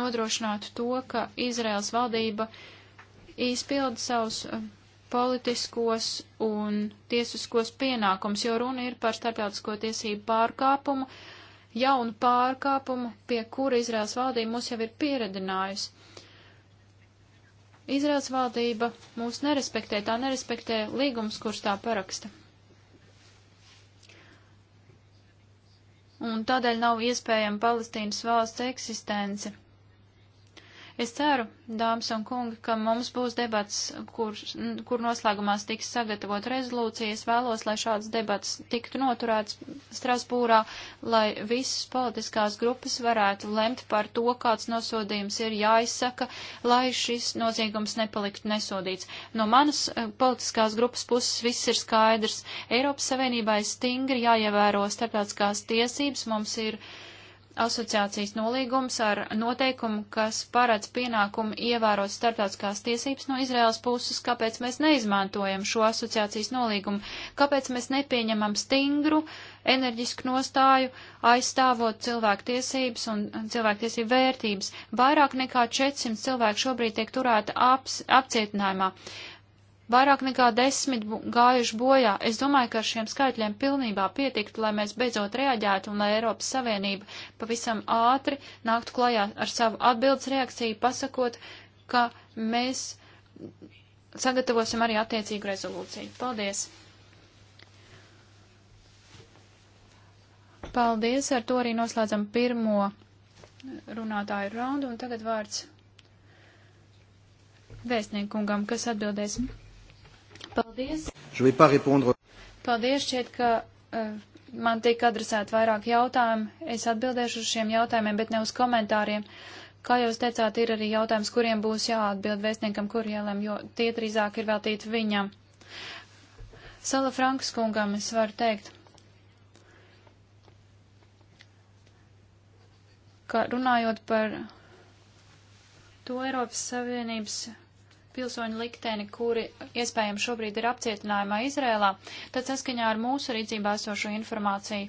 nodrošinātu to, ka Izraels valdība izpilda savus eh, politiskos un tiesiskos pienākums, jo runa ir par starptautisko tiesību pārkāpumu, jaunu pārkāpumu, pie kura Izraels valdība mūs jau ir pieredinājusi. Izraels valdība mūs nerespektē, tā nerespektē līgums, kurš tā paraksta. Un tādēļ nav iespējama Palestīnas valsts eksistence. Es ceru, dāmas un kungi, ka mums būs debats, kur, kur noslēgumās tiks sagatavot rezolūcija. Es vēlos, lai šāds debats tiktu noturēts Strasbūrā, lai visas politiskās grupas varētu lemt par to, kāds nosodījums ir jāizsaka, lai šis noziegums nepaliktu nesodīts. No manas eh, politiskās grupas puses viss ir skaidrs. Eiropas Savienībai stingri jāievēro starptautiskās tiesības. Mums ir uh, asociācijas nolīgums ar noteikumu, kas paredz pienākumu ievērot starptautiskās tiesības no Izraels puses, kāpēc mēs neizmantojam šo asociācijas nolīgumu, kāpēc mēs nepieņemam stingru, enerģisku nostāju, aizstāvot cilvēku tiesības un cilvēku tiesību vērtības. Vairāk nekā 400 cilvēku šobrīd tiek turēta aps, apcietinājumā. Uh, Vairāk nekā desmit gājuši bojā. Es domāju, ka ar šiem skaitļiem pilnībā pietiktu, lai mēs beidzot reaģētu un lai Eiropas Savienība pavisam ātri nāktu klajā ar savu atbildes reakciju, pasakot, ka mēs sagatavosim arī attiecīgu rezolūciju. Paldies! Paldies, ar to arī noslēdzam pirmo runātāju raundu, un tagad vārds vēstniekungam, kas atbildēs. Paldies. Paldies, šķiet, ka uh, man tika adresēt vairāk jautājumu. Es atbildēšu uz šiem jautājumiem, bet ne uz komentāriem. Kā jūs teicāt, ir arī jautājums, kuriem būs jāatbild vēstniekam Kurielam, jo tie drīzāk ir veltīti viņam. Sala Frankas kungam es varu teikt, ka runājot par to Eiropas Savienības pilsoņu likteni, kuri iespējams šobrīd ir apcietinājumā Izrēlā, tad saskaņā ar mūsu rīcībā esošo informāciju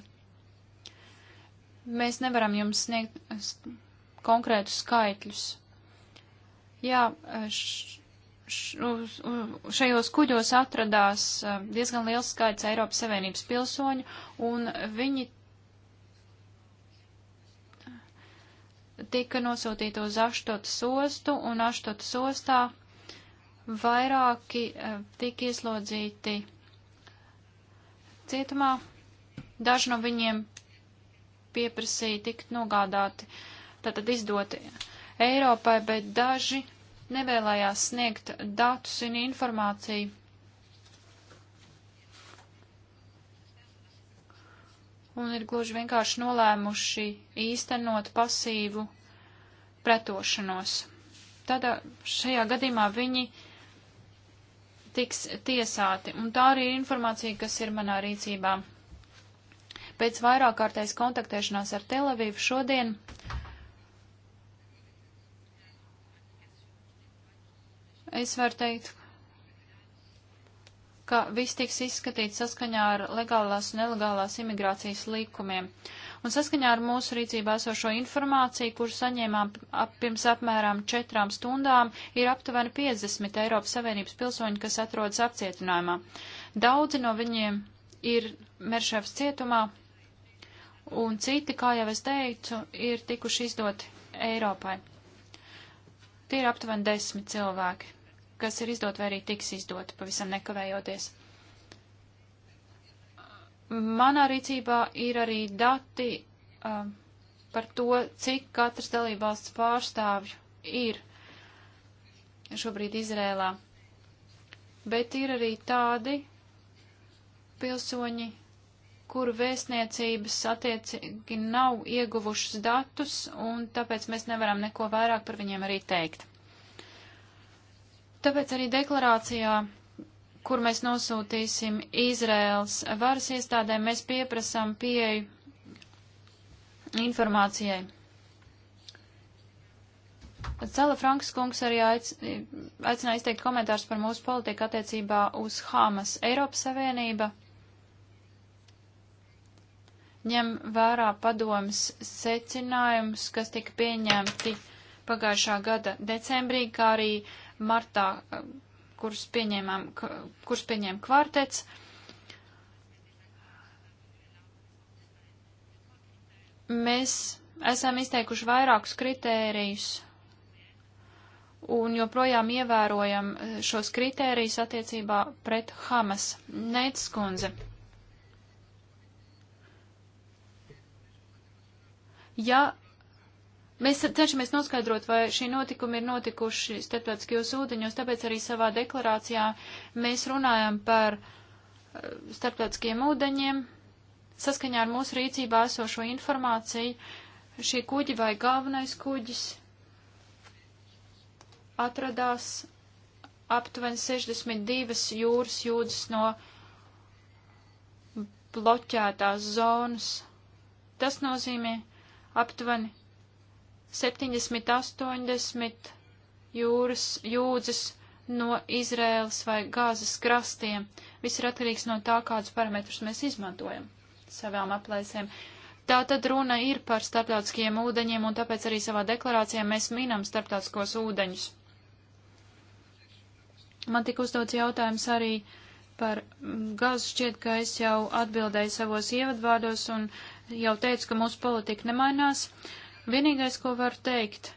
mēs nevaram jums sniegt konkrētus skaitļus. Jā, š, šajos kuģos atradās diezgan liels skaits Eiropas Savienības pilsoņu, un viņi tika nosūtīti uz Aštotas ostu, un Aštotas ostā vairāki eh, tika ieslodzīti cietumā. Daži no viņiem pieprasīja tikt nogādāti, tātad izdoti Eiropai, bet daži nevēlējās sniegt datus un informāciju. Un ir gluži vienkārši nolēmuši īstenot pasīvu pretošanos. Tādā šajā gadījumā viņi uh, tiks tiesāti, un tā arī ir informācija, kas ir manā rīcībā. Pēc vairākārtais kontaktēšanās ar Telavīvu šodien es varu teikt, ka viss tiks izskatīts saskaņā ar legālās un nelegālās imigrācijas likumiem. Uh, Un saskaņā ar mūsu rīcībā esošo informāciju, kur saņēmām ap, pirms apmēram četrām stundām, ir aptuveni 50 Eiropas Savienības pilsoņi, kas atrodas apcietinājumā. Daudzi no viņiem ir Merševs cietumā, un citi, kā jau es teicu, ir tikuši izdoti Eiropai. Tie ir aptuveni desmit cilvēki, kas ir izdot vai arī tiks izdot pavisam nekavējoties. Manā rīcībā ir arī dati uh, par to, cik katras dalībvalsts pārstāvju ir šobrīd Izrēlā. Bet ir arī tādi pilsoņi, kuru vēstniecības attiecīgi nav ieguvušas datus, un tāpēc mēs nevaram neko vairāk par viņiem arī teikt. Tāpēc arī deklarācijā kur mēs nosūtīsim Izraels varas iestādēm, mēs pieprasām pieeju informācijai. Cela Franks kungs arī aicināja izteikt komentārus par mūsu politiku attiecībā uz Hamas. Eiropas Savienība ņem vērā padomas secinājumus, kas tika pieņemti pagājušā gada decembrī, kā arī martā kurus, pieņēmām, kurus pieņēma kvartets. Mēs esam izteikuši vairākus kritērijus un joprojām ievērojam šos kritērijus attiecībā pret Hamas. Neits kundze. Ja Mēs cenšamies noskaidrot, vai šie notikumi ir notikuši starptautiskajos ūdeņos, tāpēc arī savā deklarācijā mēs runājam par eh, starptautiskiem ūdeņiem. Saskaņā ar mūsu rīcībā esošo informāciju šie kuģi vai galvenais kuģis atradās aptuveni 62 jūras jūdzes no bloķētās zonas. Tas nozīmē aptuveni 70, 80 jūras jūdzes no Izrēlas vai Gāzes krastiem. Viss ir atkarīgs no tā, kādus parametrus mēs izmantojam savām aplēsēm. Tā tad runa ir par starptautiskiem ūdeņiem, un tāpēc arī savā deklarācijā mēs minam starptautiskos ūdeņus. Man tika uzdots jautājums arī par mm, gāzu šķiet, ka es jau atbildēju savos ievadvārdos un jau teicu, ka mūsu politika nemainās. Uh, Vienīgais, ko var teikt,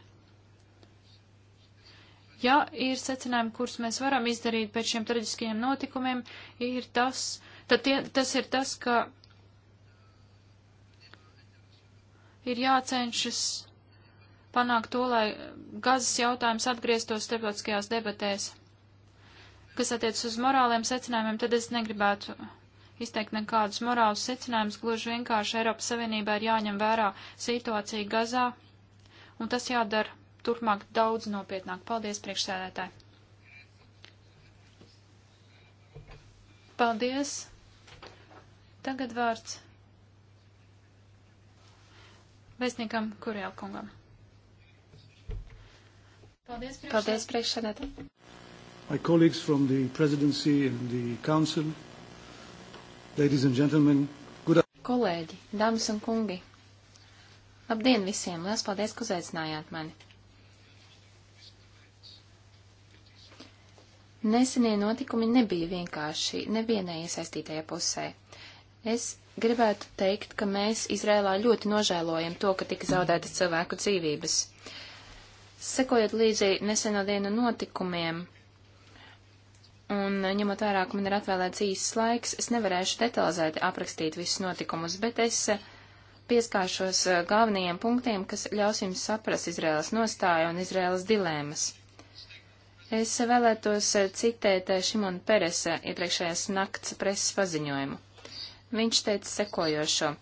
ja ir secinājumi, kurus mēs varam izdarīt pēc šiem traģiskajiem notikumiem, ir tas, tad tie, tas ir tas, ka ir jācenšas panākt to, lai gazas jautājums atgrieztos starptautiskajās debatēs. Kas attiec uz morāliem secinājumiem, tad es negribētu izteikt nekādus morālus secinājumus, gluži vienkārši Eiropas Savienībā ir jāņem vērā situācija Gazā, un tas jādara turpmāk daudz nopietnāk. Paldies, priekšsēdētāji! Paldies! Tagad vārds vēstniekam Kurēlkungam. Paldies, priekšsēdētāji! My colleagues from the presidency and the council Ladies and gentlemen, good Kolēģi, dāmas un kungi, labdien visiem! Lielas paldies, ka uzaicinājāt mani! Nesenie notikumi nebija vienkārši nevienai iesaistītajai pusē. Es gribētu teikt, ka mēs Izrēlā ļoti nožēlojam to, ka tika zaudētas cilvēku dzīvības. Sekojot līdzi neseno dienu notikumiem, Un ņemot vērā, ka man ir atvēlēts īsts laiks, es nevarēšu detalizēti aprakstīt visus notikumus, bet es eh, pieskāršos eh, galvenajiem punktiem, kas ļaus jums saprast Izraēlas nostāju un Izraēlas dilēmas. Es vēlētos eh, citēt Šimona Peresa iepriekšējās nakts preses paziņojumu. Viņš teica sekojošo.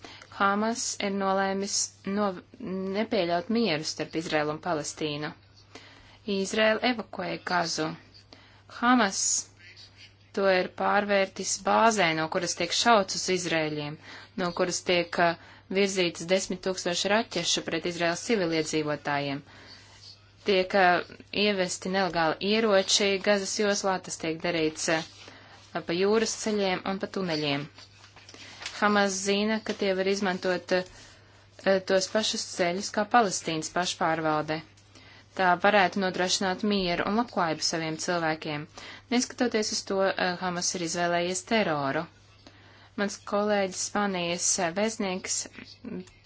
Hamas ir nolēmis no, nepieļaut mieru starp Izraēlu un Palestīnu. Izraēla evakuēja Gazu. Hamas to ir pārvērtis bāzē, no kuras tiek šauts uz Izrēļiem, no kuras tiek uh, virzītas desmit tūkstoši raķešu pret Izraels civiliedzīvotājiem. Tiek uh, ievesti nelegāli ieroči Gazas joslā, tas tiek darīts uh, pa jūras ceļiem un pa tuneļiem. Hamas zina, ka tie var izmantot tos pašus ceļus kā Palestīnas pašpārvalde tā varētu nodrošināt mieru un labklājību saviem cilvēkiem. Neskatoties uz to, eh, Hamas ir izvēlējies teroru. Mans kolēģis Spanijas eh, vēstnieks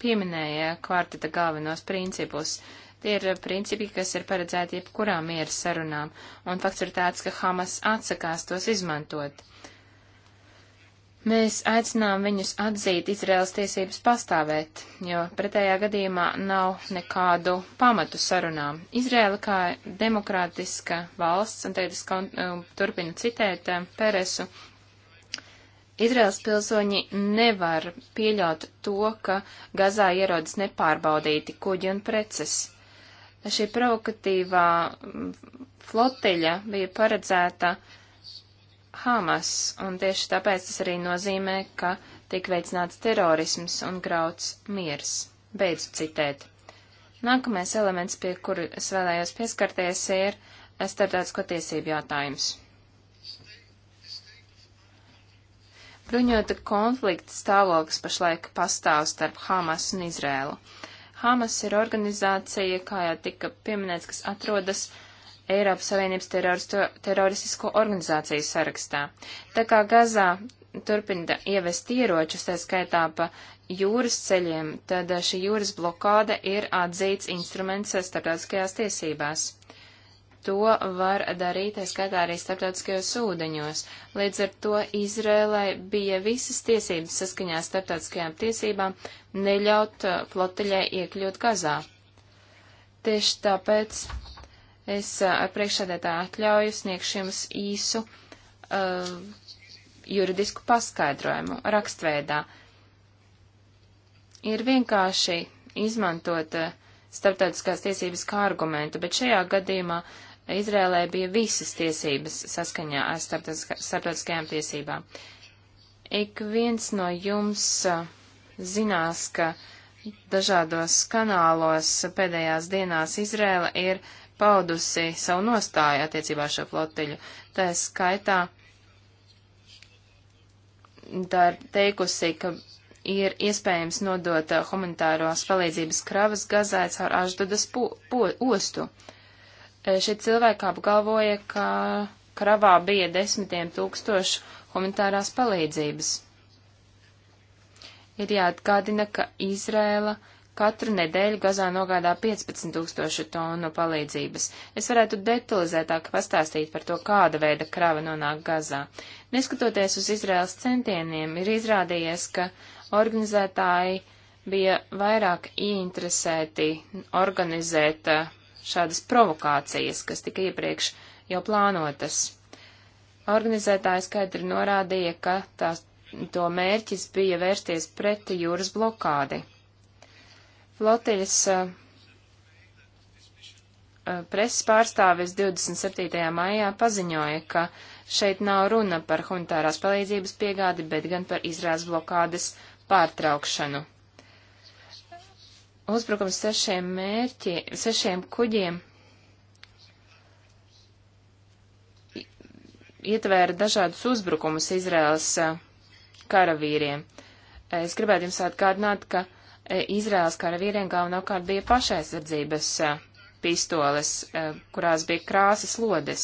pieminēja kvarteta galvenos principus. Tie ir eh, principi, kas ir paredzēti jebkurām miera sarunām, un fakts ir tāds, ka Hamas atsakās tos izmantot. Mēs aicinām viņus atzīt Izraels tiesības pastāvēt, jo pretējā gadījumā nav nekādu pamatu sarunām. Izraela kā demokrātiska valsts, un tagad es kon, um, turpinu citēt um, Peresu, Izraels pilsoņi nevar pieļaut to, ka Gazā ierodas nepārbaudīti kuģi un preces. Šī provokatīvā mm, floteļa bija paredzēta uh, Hamas, un tieši tāpēc tas arī nozīmē, ka tiek veicināts terorisms un grauts miers. Beidzu citēt. Nākamais elements, pie kura es vēlējos pieskarties, ir starptautisko tiesību jautājums. Bruņota konflikta stāvoklis pašlaik pastāv starp Hamas un Izrēlu. Hamas ir organizācija, kā jau tika pieminēts, kas atrodas uh, Eiropas Savienības teroristisko organizāciju sarakstā. Tā kā Gazā turpina ievest ieročus, tā skaitā pa jūras ceļiem, tad šī jūras blokāde ir atzīts instruments starptautiskajās tiesībās. To var darīt, tā skaitā arī starptautiskajos ūdeņos. Līdz ar to Izrēlai bija visas tiesības saskaņā starptautiskajām tiesībām neļaut uh, flotiļai iekļūt Gazā. Tieši tāpēc Es ar priekšsēdētā atļauju sniegšu jums īsu uh, juridisku paskaidrojumu rakstveidā. Ir vienkārši izmantot uh, starptautiskās tiesības kā argumentu, bet šajā gadījumā Izrēlē bija visas tiesības saskaņā ar starptautiskā, starptautiskajām tiesībām. Ik viens no jums uh, zinās, ka dažādos kanālos pēdējās dienās Izrēla ir paudusi savu nostāju attiecībā ar šo flotiļu. Tā skaitā tā ir teikusi, ka ir iespējams nodot uh, humanitārās palīdzības kravas gazai caur Aždudas ostu. E, šie cilvēki apgalvoja, ka kravā bija desmitiem tūkstošu humanitārās palīdzības. Ir jāatgādina, ka Izrēla Katru nedēļu Gazā nogādā 15 tūkstošu tonu palīdzības. Es varētu detalizētāk pastāstīt par to, kāda veida krava nonāk Gazā. Neskatoties uz Izraels centieniem, ir izrādījies, ka organizētāji bija vairāk ieinteresēti organizēt eh, šādas provokācijas, kas tika iepriekš jau plānotas. Organizētāji skaidri norādīja, ka tās, to mērķis bija vērsties pret jūras blokādi. Flotijas uh, eh, eh, preses pārstāvis 27. maijā paziņoja, ka šeit nav runa par humanitārās palīdzības piegādi, bet gan par Izraels blokādes pārtraukšanu. Uzbrukums sešiem mērķi, sešiem kuģiem ietvēra dažādus uzbrukumus Izraels eh, karavīriem. Es gribētu jums atgādināt, ka Eh, Izraels kara vīriem galvenokārt bija pašaizsardzības eh, pistoles, eh, kurās bija krāsas lodes.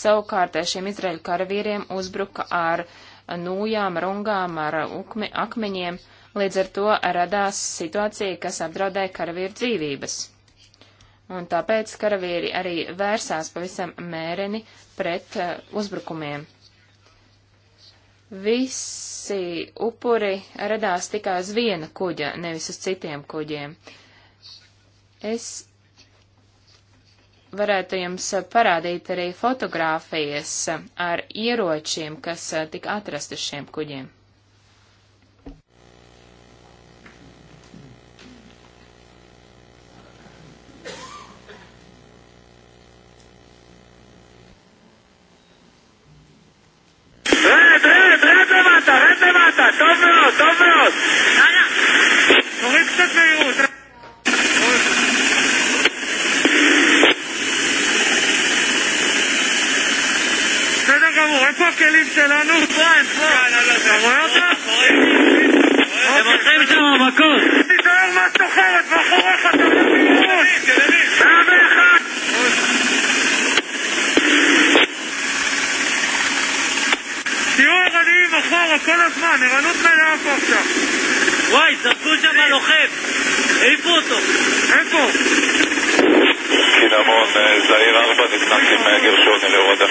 Savukārt šiem Izraēļu karavīriem uzbruka ar nūjām, rungām, ar ukme, akmeņiem, līdz ar to radās situācija, kas apdraudēja karavīru dzīvības. Un tāpēc karavīri arī vērsās pavisam mēreni pret uh, uzbrukumiem. Visi upuri radās tikai uz viena kuģa, nevis uz citiem kuģiem. Es varētu jums parādīt arī fotogrāfijas ar ieročiem, kas tika atrasti šiem kuģiem. למטה, טוב מאוד, טוב מאוד. יאללה. תוריד קצת מהירות. בסדר גמור, איפה הכלים שלנו? כאן, פה. אתה רואה אותם? הם עושים שם מכות. תיזהר מה סוחרת, מאחוריך, אתה לא מבין. תהיו ערניים אחורה כל הזמן, ערנות מלאה פה עכשיו. וואי, זרקו שם לוחם, העיפו אותו. איפה? קינמון, זעיר ארבע, נסנק עם גרשוני להורדה.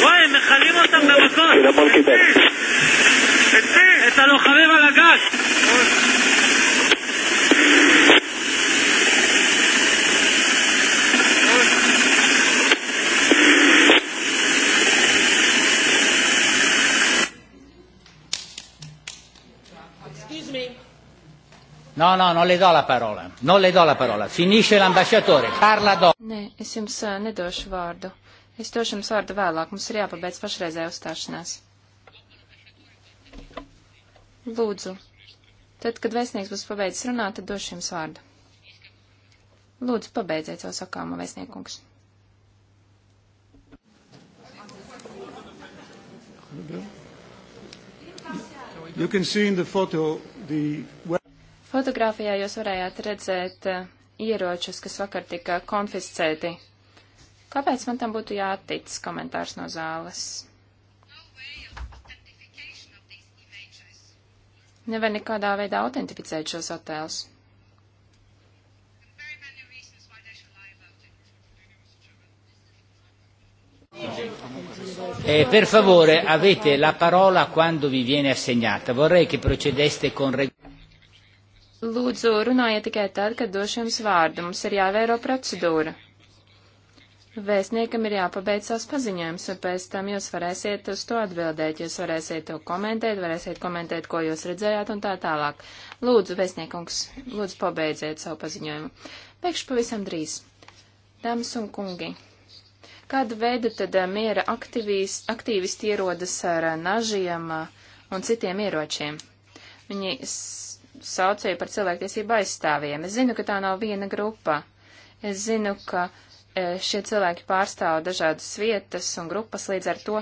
וואי, הם מכלים אותם במכות. קינמון קיבל. את הלוחמים על הגג. No, no, non le do la parola. Non le do la parola. Finisce l'ambasciatore. Parla do. Nē, es jums uh, nedošu vārdu. Es došu jums vārdu vēlāk. Mums ir jāpabeidz pašreizē uzstāšanās. Lūdzu. Tad, kad vēstnieks būs pabeidzis runāt, tad došu jums vārdu. Lūdzu, pabeidziet savu sakāmu, vēstniekungs. You can see in the photo the Fotogrāfijā jūs varējāt redzēt eh, ieročus, kas vakar tika konfiscēti. Kāpēc man tam būtu jātic komentārs no zāles? Nevar nekādā veidā autentificēt šos attēlus. Eh, per favore, avete la parola quando vi viene assegnata. Vorrei che procedeste con regolarità. Lūdzu, runājiet tikai tad, kad došu jums vārdu. Mums ir jāvēro procedūra. Vēstniekam ir jāpabeidz savs paziņojums, un pēc tam jūs varēsiet uz to atbildēt, jūs varēsiet to komentēt, varēsiet komentēt, ko jūs redzējāt un tā tālāk. Lūdzu, vēstniekungs, lūdzu pabeidziet savu paziņojumu. Pēkšņi pavisam drīz. Dāmas un kungi, kāda veida tad eh, miera aktivīs, aktīvisti ierodas ar eh, nažiem eh, un citiem ieročiem? Viņi saucēju par cilvēktiesību aizstāvjiem. Es zinu, ka tā nav viena grupa. Es zinu, ka e, šie cilvēki pārstāv dažādas vietas un grupas, līdz ar to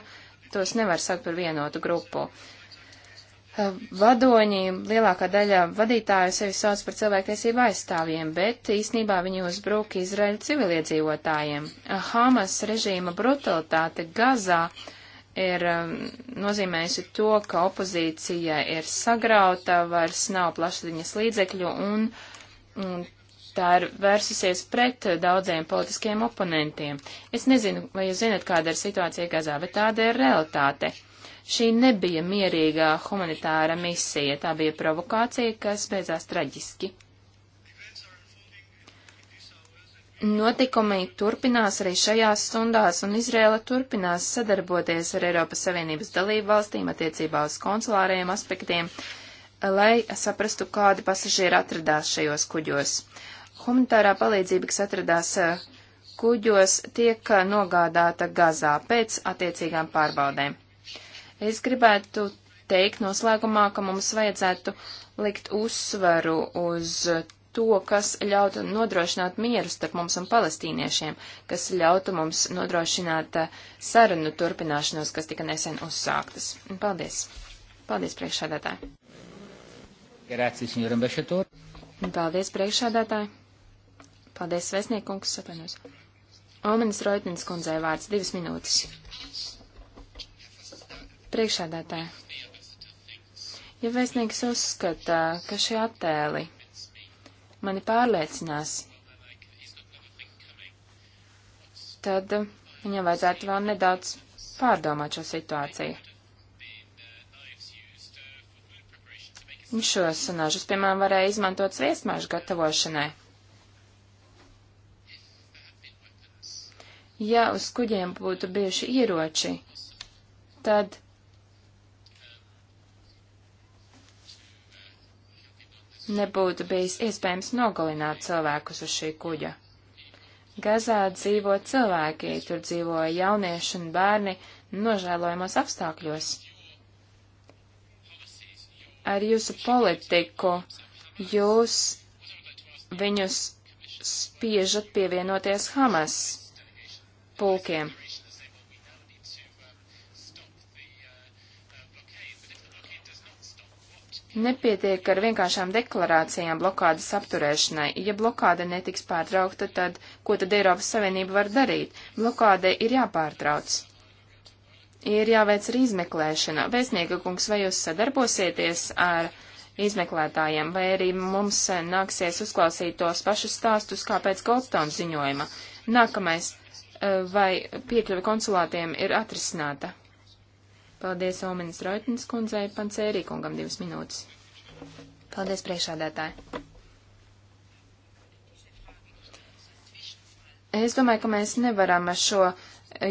tos nevar saukt par vienotu grupu. E, vadoņi, lielākā daļa vadītāju sevi sauc par cilvēktiesību aizstāvjiem, bet īsnībā viņi uzbruk Izraēļa civiliedzīvotājiem. Hamas režīma brutalitāte Gazā uh, ir um, nozīmējusi to, ka opozīcija ir sagrauta, vairs nav plašsaziņas līdzekļu un, un tā ir vērsusies pret daudziem politiskiem oponentiem. Es nezinu, vai jūs zinat, kāda ir situācija Gazā, bet tāda ir realitāte. Šī nebija mierīgā humanitāra misija, tā bija provokācija, kas beidzās traģiski. Notikumi turpinās arī šajās stundās, un Izrēla turpinās sadarboties ar Eiropas Savienības dalību valstīm attiecībā uz konsulāriem aspektiem, lai saprastu, kādi pasažieri atradās šajos kuģos. Humanitārā palīdzība, kas atradās eh, kuģos, tiek eh, nogādāta gazā pēc attiecīgām pārbaudēm. Es gribētu teikt noslēgumā, ka mums vajadzētu likt uzsvaru uz to, kas ļautu nodrošināt mieru starp mums un palestīniešiem, kas ļautu mums nodrošināt eh, sarunu turpināšanos, kas tika nesen uzsāktas. Paldies! Paldies, priekšādātāji! Grācijas, senjora Bešator! Paldies, priekšādātāji! Paldies, vēstniekungs, sapainos! Omenis Roitins kundzei vārds divas minūtes. Priekšādātāji! Ja vēstnieks uzskata, ka šie attēli mani pārliecinās, tad viņam vajadzētu vēl nedaudz pārdomāt šo situāciju. Viņš šos sunāžus, piemēram, varēja izmantot sviestmāžu gatavošanai. Ja uz kuģiem būtu bijuši ieroči, tad nebūtu bijis iespējams nogalināt cilvēkus uz šī kuģa. Gazā dzīvo cilvēki, tur dzīvoja jaunieši un bērni nožēlojamos apstākļos. Ar jūsu politiku jūs viņus spiežat pievienoties Hamas pulkiem. Nepietiek ar vienkāršām deklarācijām blokādes apturēšanai. Ja blokāde netiks pārtraukta, tad ko tad Eiropas Savienība var darīt? Blokāde ir jāpārtrauc. Ir jāveic arī izmeklēšana. Vēstnieka kungs, vai jūs sadarbosieties ar izmeklētājiem, vai arī mums nāksies uzklausīt tos pašus stāstus, kā pēc Goldstone ziņojuma? Nākamais, eh, vai piekļuve konsulātiem ir atrisināta? Paldies Omenas Roitnes kundzei, pancērī kungam divas minūtes. Paldies priekšādētāji. Es domāju, ka mēs nevaram šo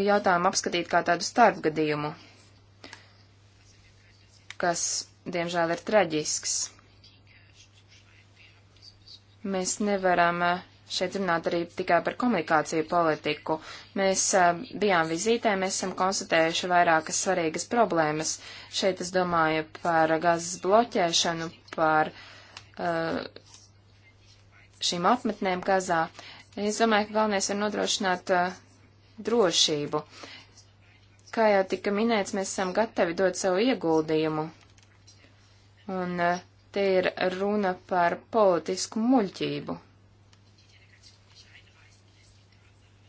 jautājumu apskatīt kā tādu starpgadījumu, kas, diemžēl, ir traģisks. Mēs nevaram uh, šeit runāt arī tikai par komunikāciju politiku. Mēs bijām vizītē, mēs esam konstatējuši vairākas svarīgas problēmas. Šeit es domāju par gazas bloķēšanu, par uh, šīm apmetnēm gazā. Es domāju, ka galvenais ir nodrošināt uh, drošību. Kā jau tika minēts, mēs esam gatavi dot savu ieguldījumu. Un uh, te ir runa par politisku muļķību.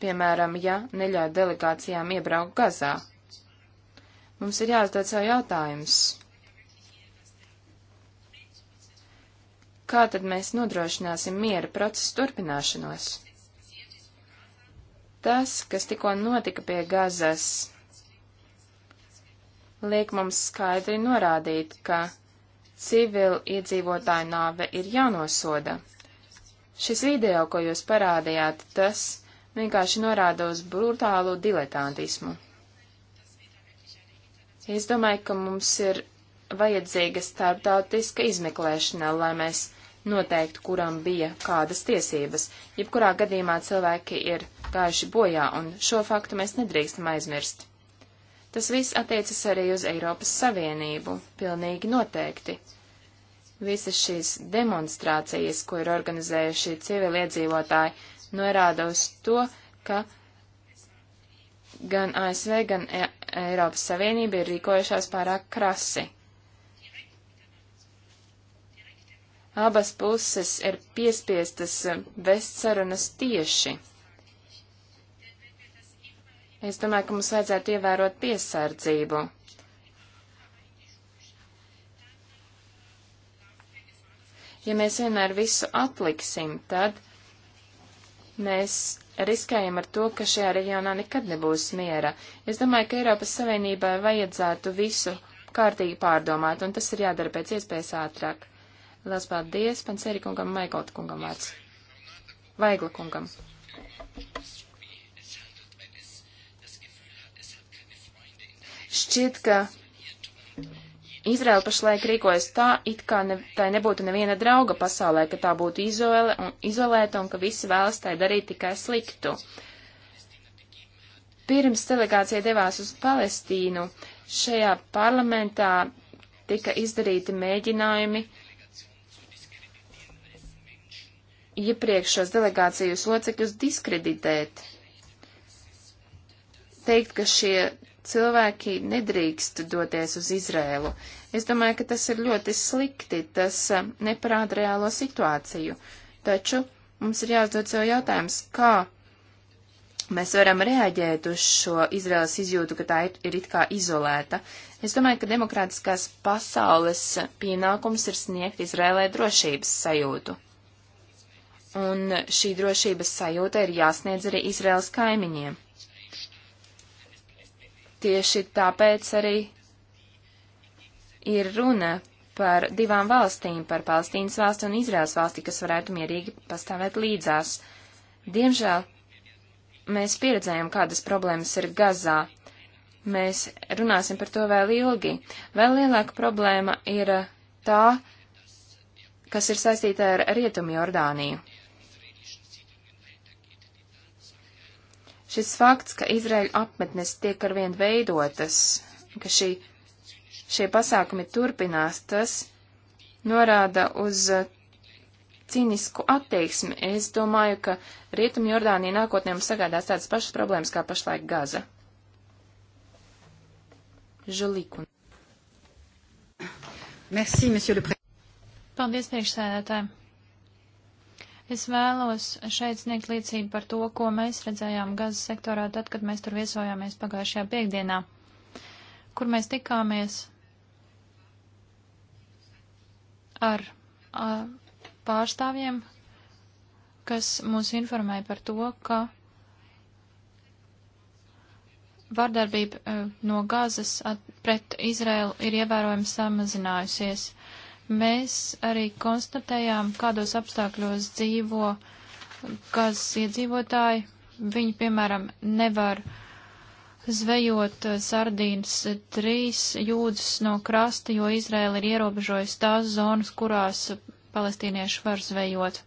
piemēram, ja neļauj delegācijām iebraukt Gazā. Mums ir jāuzdod sev jautājums. Kā tad mēs nodrošināsim miera procesu turpināšanos? Tas, kas tikko notika pie Gazas, liek mums skaidri norādīt, ka civil iedzīvotāju nāve ir jānosoda. Šis video, ko jūs parādījāt, tas vienkārši norāda uz brutālu diletantismu. Es domāju, ka mums ir vajadzīga starptautiska izmeklēšana, lai mēs noteiktu, kuram bija kādas tiesības. Jebkurā gadījumā cilvēki ir gājuši bojā, un šo faktu mēs nedrīkstam aizmirst. Tas viss attiecas arī uz Eiropas Savienību, pilnīgi noteikti. Visas šīs demonstrācijas, ko ir organizējuši civiliedzīvotāji, norāda uz to, ka gan ASV, gan e Eiropas Savienība ir rīkojušās pārāk krasi. Abas puses ir piespiestas vest sarunas tieši. Es domāju, ka mums vajadzētu ievērot piesardzību. Ja mēs vienmēr visu atliksim, tad Mēs riskējam ar to, ka šajā reģionā nekad nebūs miera. Es domāju, ka Eiropas Savienībai vajadzētu visu kārtīgi pārdomāt, un tas ir jādara pēc iespējas ātrāk. Lielas paldies Pansēri kungam, Maikota kungam vārds. Vaigla kungam. Šķiet, ka Izraela pašlaik rīkojas tā, it kā ne, tai nebūtu neviena drauga pasaulē, ka tā būtu izole, un, izolēta un ka visi vēlas tai darīt tikai sliktu. Pirms delegācija devās uz Palestīnu, šajā parlamentā tika izdarīti mēģinājumi iepriekšos delegācijas locekļus diskreditēt. Teikt, ka šie cilvēki nedrīkst doties uz Izrēlu. Es domāju, ka tas ir ļoti slikti, tas eh, neparāda reālo situāciju. Taču mums ir jāuzdod sev jautājums, kā mēs varam reaģēt uz šo Izraels izjūtu, ka tā ir, ir it kā izolēta. Es domāju, ka demokrātiskās pasaules pienākums ir sniegt Izrēlē drošības sajūtu. Un šī drošības sajūta ir jāsniedz arī Izraels kaimiņiem. Tieši tāpēc arī ir runa par divām valstīm, par Palestīnas valsti un Izraels valsti, kas varētu mierīgi pastāvēt līdzās. Diemžēl mēs pieredzējām, kādas problēmas ir Gazā. Mēs runāsim par to vēl ilgi. Vēl lielāka problēma ir tā, kas ir saistīta ar Rietumu Jordāniju. Šis fakts, ka Izraēļa apmetnes tiek arvien veidotas, ka šī, šie pasākumi turpinās, tas norāda uz uh, cīnisku attieksmi. Es domāju, ka Rietum Jordānija nākotnē mums sagādās tādas pašas problēmas kā pašlaik Gaza. Žulīkun. Merci, monsieur le président. Paldies, priekšsēdētāji. Es vēlos šeit sniegt liecību par to, ko mēs redzējām gazas sektorā tad, kad mēs tur viesojāmies pagājušajā piekdienā, kur mēs tikāmies ar a, pārstāvjiem, kas mūs informēja par to, ka vardarbība e, no gazas at, pret Izraelu ir ievērojami samazinājusies. Mēs arī konstatējām, kādos apstākļos dzīvo, kas iedzīvotāji, viņi, piemēram, nevar zvejot sardīnas trīs jūdzes no krasta, jo Izraela ir ierobežojusi tās zonas, kurās palestīnieši var zvejot.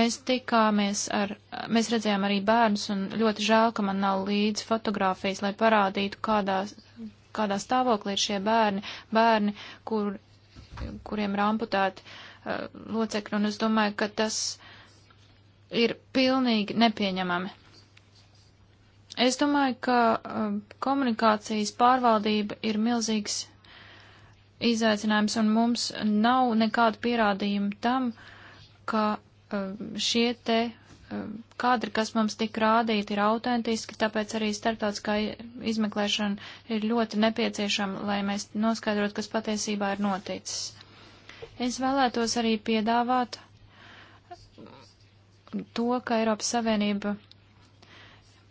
Mēs tikāmies ar, mēs redzējām arī bērnus, un ļoti žēl, ka man nav līdz fotografijas, lai parādītu, kādā, kādā stāvoklī ir šie bērni, bērni, kur kuriem ir amputēti uh, locekļi, un es domāju, ka tas ir pilnīgi nepieņemami. Es domāju, ka uh, komunikācijas pārvaldība ir milzīgs izaicinājums, un mums nav nekādu pierādījumu tam, ka uh, šie te Um, kadri, kas mums tika rādīti, ir autentiski, tāpēc arī starptautiskā izmeklēšana ir ļoti nepieciešama, lai mēs noskaidrotu, kas patiesībā ir noticis. Es vēlētos arī piedāvāt to, ka Eiropas Savienība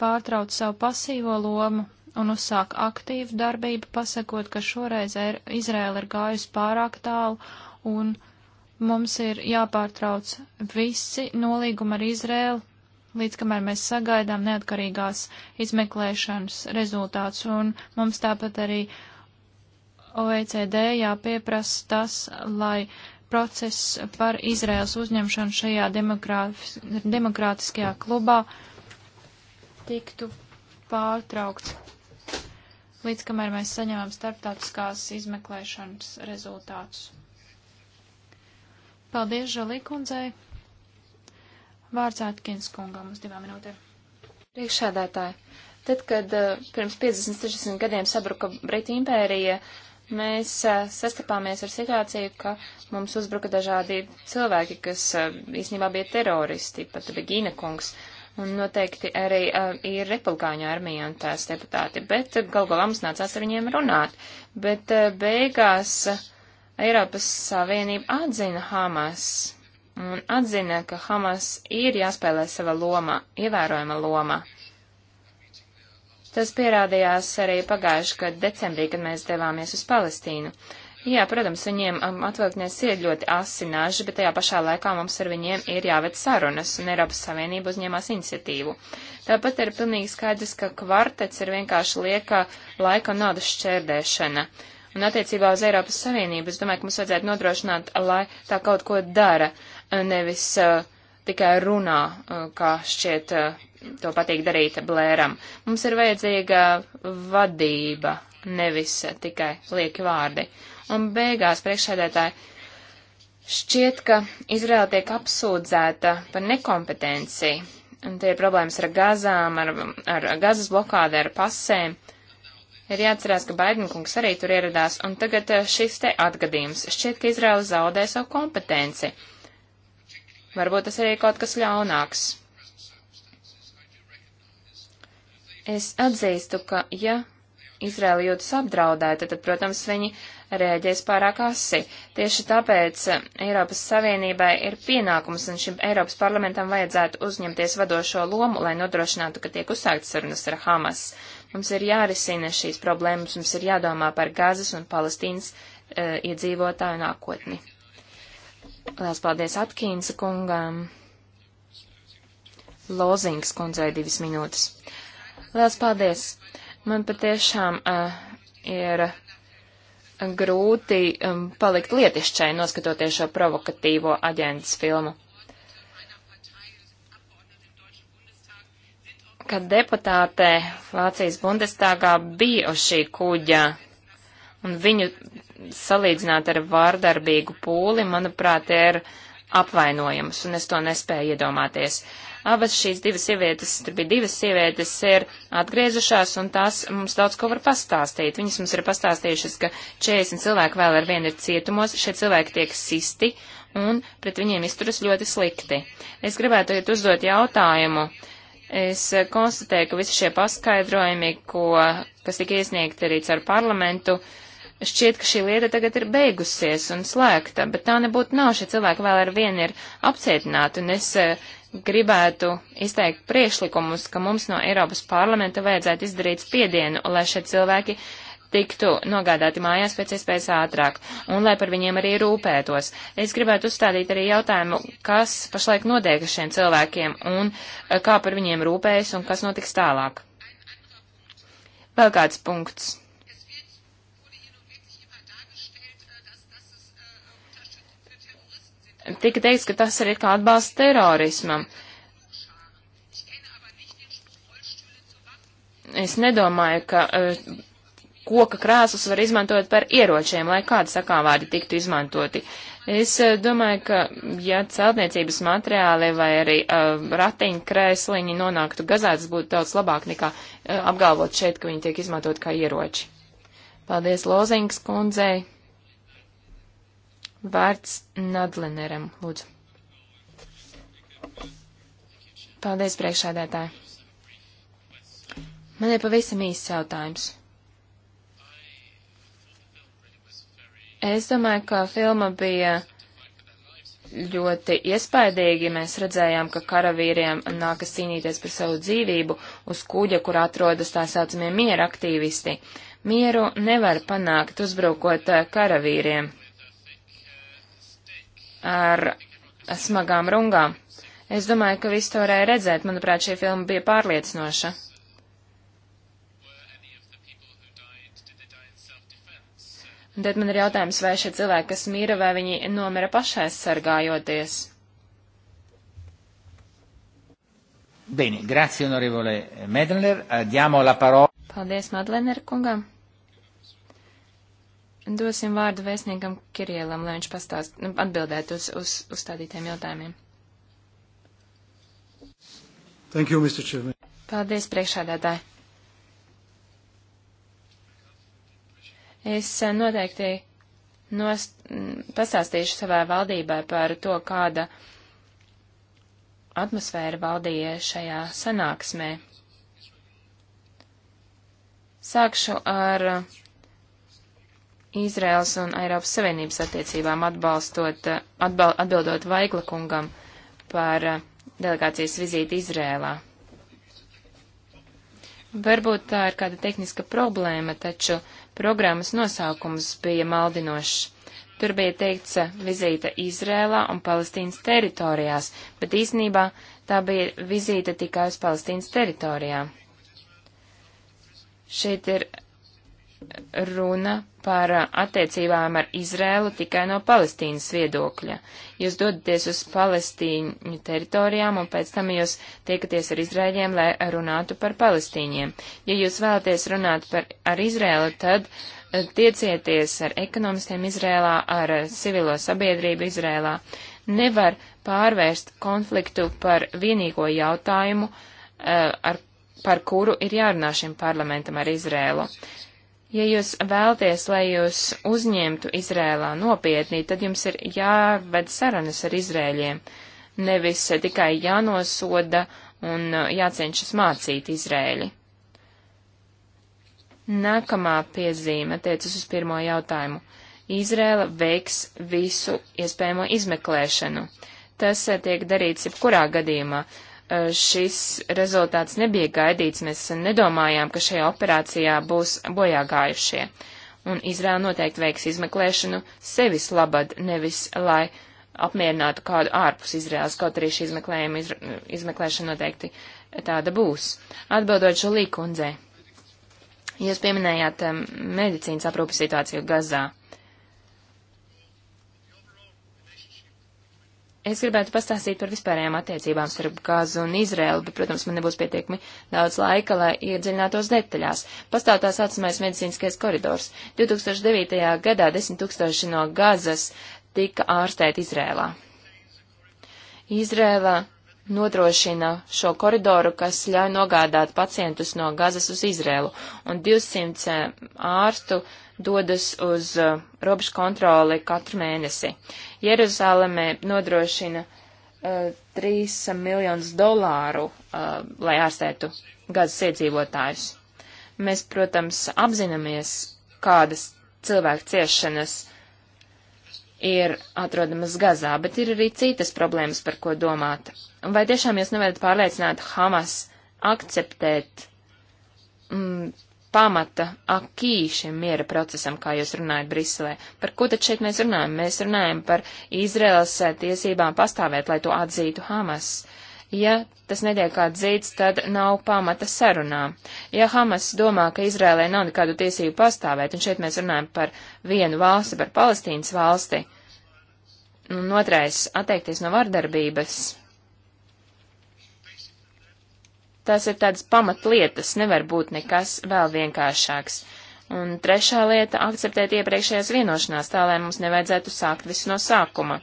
pārtrauc savu pasīvo lomu un uzsāk aktīvu darbību, pasakot, ka šoreiz Izraela ir gājusi pārāk tālu un Mums ir jāpārtrauc visi nolīgumi ar Izrēlu, līdz kamēr mēs sagaidām neatkarīgās izmeklēšanas rezultāts, un mums tāpat arī OECD jāpieprasa tas, lai process par Izraels uzņemšanu šajā demokrātiskajā klubā tiktu pārtraukts, līdz kamēr mēs saņemam starptautiskās izmeklēšanas rezultātus. Paldies Žalī kundzei. Vārds Atkins kungam uz divām minūtēm. Priekšsēdētāji, tad, kad eh, pirms 50-60 gadiem sabruka Brita impērija, mēs eh, sastapāmies ar situāciju, ka mums uzbruka dažādi cilvēki, kas eh, īstenībā bija teroristi, pat bija Gīna kungs, un noteikti arī ir republikāņu armija un tās deputāti, bet galvā mums nācās ar viņiem runāt, bet beigās Eiropas Savienība atzina Hamas un atzina, ka Hamas ir jāspēlē sava loma, ievērojama loma. Tas pierādījās arī pagājuši, kad decembrī, kad mēs devāmies uz Palestīnu. Jā, protams, viņiem um, atvilkties ir ļoti asināži, bet tajā pašā laikā mums ar viņiem ir jāved sarunas, un Eiropas Savienība uzņēmās iniciatīvu. Tāpat ir pilnīgi skaidrs, ka kvartets ir vienkārši lieka laika un naudas šķērdēšana. Uh, Un attiecībā uz Eiropas Savienību, es domāju, ka mums vajadzētu nodrošināt, lai tā kaut ko dara, eh, nevis uh, tikai runā, uh, kā šķiet uh, to patīk darīt blēram. Mums ir vajadzīga vadība, nevis tikai lieki vārdi. Un beigās priekšsēdētāji šķiet, ka Izraela tiek apsūdzēta par nekompetenci. Un te ir problēmas ar gazām, ar, ar gazas blokādi, ar pasēm. Uh, Ir jāatcerās, ka Baidenkungs arī tur ieradās, un tagad eh, šis te atgadījums. Šķiet, ka Izraela zaudē savu kompetenci. Varbūt tas arī ir kaut kas ļaunāks. Es atzīstu, ka ja Izraela jūtas apdraudēta, tad, protams, viņi rēģēs pārāk asi. Tieši tāpēc eh, Eiropas Savienībai ir pienākums un šim Eiropas parlamentam vajadzētu uzņemties vadošo lomu, lai nodrošinātu, ka tiek uzsākts sarunas ar Hamas. Mums ir jārisina šīs problēmas, mums ir jādomā par Gazas un Palestīnas e, iedzīvotāju nākotni. Lielas paldies Atkīnsa kungām. Lozings kundzei divas minūtes. Lielas paldies! Man patiešām uh, ir grūti um, palikt lietišķai, noskatoties šo provokatīvo aģentas filmu. ka deputāte Vācijas Bundestāgā bija uz šī kuģa, un viņu salīdzināt ar vārdarbīgu pūli, manuprāt, ir apvainojums, un es to nespēju iedomāties. Abas šīs divas sievietes, tur bija divas sievietes, ir atgriezušās, un tās mums daudz ko var pastāstīt. Viņas mums ir pastāstījušas, ka 40 cilvēki vēl ar vienu ir cietumos, šie cilvēki tiek sisti, un pret viņiem izturas ļoti slikti. Es gribētu iet uzdot jautājumu, Es konstatēju, ka visi šie paskaidrojumi, ko, kas tika iesniegti arī caur parlamentu, šķiet, ka šī lieta tagad ir beigusies un slēgta, bet tā nebūtu nav. Šie cilvēki vēl ar vienu ir apcietināti, un es eh, gribētu izteikt priešlikumus, ka mums no Eiropas parlamenta vajadzētu izdarīt spiedienu, lai šie cilvēki tiktu nogādāti mājās pēc iespējas ātrāk un lai par viņiem arī rūpētos. Es gribētu uzstādīt arī jautājumu, kas pašlaik notiek ar šiem cilvēkiem un eh, kā par viņiem rūpējas un kas notiks tālāk. Vēl kāds punkts. Tika teiks, ka tas ir kā atbalsts terorismam. Es nedomāju, ka uh, koka krāsas var izmantot par ieročiem, lai kādi sakāvādi tiktu izmantoti. Es eh, domāju, ka ja celtniecības materiāli vai arī uh, eh, ratiņkrēsliņi nonāktu gazētas, būtu daudz labāk nekā uh, apgalvot šeit, ka viņi tiek izmantot kā ieroči. Paldies Lozings kundzei. Vārds Nadlineram, lūdzu. Paldies priekšādētāji. Man ir pavisam īsts jautājums. Es domāju, ka filma bija ļoti iespaidīgi. Mēs redzējām, ka karavīriem nākas cīnīties par savu dzīvību uz kuģa, kur atrodas tā saucamie miera aktīvisti. Mieru nevar panākt uzbrukot eh, karavīriem ar smagām rungām. Es domāju, ka viss to varēja redzēt. Manuprāt, šī filma bija pārliecinoša. Un tad man ir jautājums, vai šie cilvēki, kas mīra, vai viņi nomira pašaizsargājoties. Bene, grazie onorevole Medlener. Eh, diamo la parola. Paldies Madlener kungam. Dosim vārdu vēstniekam Kirielam, lai viņš pastāst, nu, atbildētu uz, uz uzstādītiem jautājumiem. Thank you, Mr. Chairman. Paldies, priekšādātāji. Es eh, noteikti nost, mm, pastāstīšu savai valdībai par to, kāda atmosfēra valdīja šajā sanāksmē. Sākšu ar Izraels un Eiropas Savienības attiecībām atbalstot, eh, atbal, atbildot Vaigla kungam par eh, delegācijas vizīti Izrēlā. Varbūt tā ir kāda tehniska problēma, taču uh, Programmas nosaukums bija maldinošs. Tur bija teikts eh, vizīte Izrēlā un Palestīnas teritorijās, bet īsnībā tā bija vizīte tikai uz Palestīnas teritorijām. Šeit ir runa par attiecībām ar Izrēlu tikai no Palestīnas viedokļa. Jūs dodaties uz Palestīņu teritorijām un pēc tam jūs tiekaties ar Izrēļiem, lai runātu par Palestīņiem. Ja jūs vēlaties runāt par, ar Izrēlu, tad eh, tiecieties ar ekonomistiem Izrēlā, ar civilo sabiedrību Izrēlā. Nevar pārvērst konfliktu par vienīgo jautājumu, eh, ar, par kuru ir jārunā šim parlamentam ar Izrēlu. Ja jūs vēlties, lai jūs uzņemtu Izrēlā nopietnī, tad jums ir jāved sarunas ar Izrēļiem, nevis tikai jānosoda un uh, jācenšas mācīt Izrēļi. Nākamā piezīme attiecas uz pirmo jautājumu. Izrēla veiks visu iespējamo izmeklēšanu. Tas uh, tiek darīts jebkurā gadījumā. Uh, Eh, šis rezultāts nebija gaidīts, mēs nedomājām, ka šajā operācijā būs bojāgājušie. Un Izrēla noteikti veiks izmeklēšanu sevis labad, nevis lai apmierinātu kādu ārpus Izraels, kaut arī šī izmeklējuma izr izmeklēšana noteikti tāda būs. Atbildot šo līkundzē, jūs pieminējāt medicīnas aprūpas situāciju Gazā. Es gribētu pastāstīt par vispārējām attiecībām starp Gāzu un Izraēlu, bet, protams, man nebūs pietiekami daudz laika, lai iedziļinātos detaļās. Pastāv tā saucamais medicīniskais koridors. 2009. gadā 10 tūkstoši no Gāzas tika ārstēti Izrēlā. Izrēla nodrošina šo koridoru, kas ļauj nogādāt pacientus no Gazas uz Izrēlu, un 200 eh, ārstu uh, dodas uz uh, robežu kontroli katru mēnesi. Jeruzālēmē nodrošina uh, 3 miljonus dolāru, uh, lai ārstētu gazas iedzīvotājus. Mēs, protams, apzināmies, kādas cilvēku ciešanas ir atrodamas Gazā, bet ir arī citas problēmas, par ko domāt. Un vai tiešām jūs nevarat pārliecināt Hamas akceptēt mm, pamata akī šim miera procesam, kā jūs runājat Briselē. Par ko tad šeit mēs runājam? Mēs runājam par Izraels eh, tiesībām pastāvēt, lai to atzītu Hamas. Ja tas netiek atzīts, tad nav pamata sarunām. Ja Hamas domā, ka Izrēlē nav nekādu tiesību pastāvēt, un šeit mēs runājam par vienu valsti, par Palestīnas valsti, un otrais - atteikties no vardarbības, Tās ir tādas pamatlietas, nevar būt nekas vēl vienkāršāks. Un trešā lieta - akceptēt iepriekšējās vienošanās, tā lai mums nevajadzētu sākt visu no sākuma.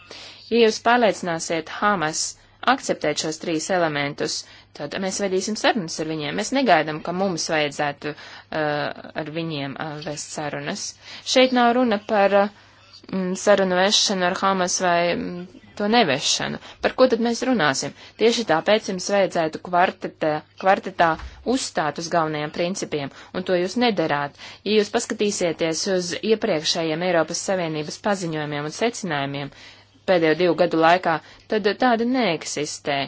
Ja jūs pārliecināsiet Hamas akceptēt šos trīs elementus, tad mēs vedīsim sarunas ar viņiem. Mēs negaidām, ka mums vajadzētu uh, ar viņiem uh, vest sarunas. Šeit nav runa par uh, mm, sarunu vešanu ar Hamas vai mm, to nevešanu. Par ko tad mēs runāsim? Tieši tāpēc jums vajadzētu kvartetā, kvartetā uzstāt uz galvenajiem principiem, un to jūs nedarāt. Ja jūs paskatīsieties uz iepriekšējiem Eiropas Savienības paziņojumiem un secinājumiem pēdējo divu gadu laikā, tad tāda neeksistē.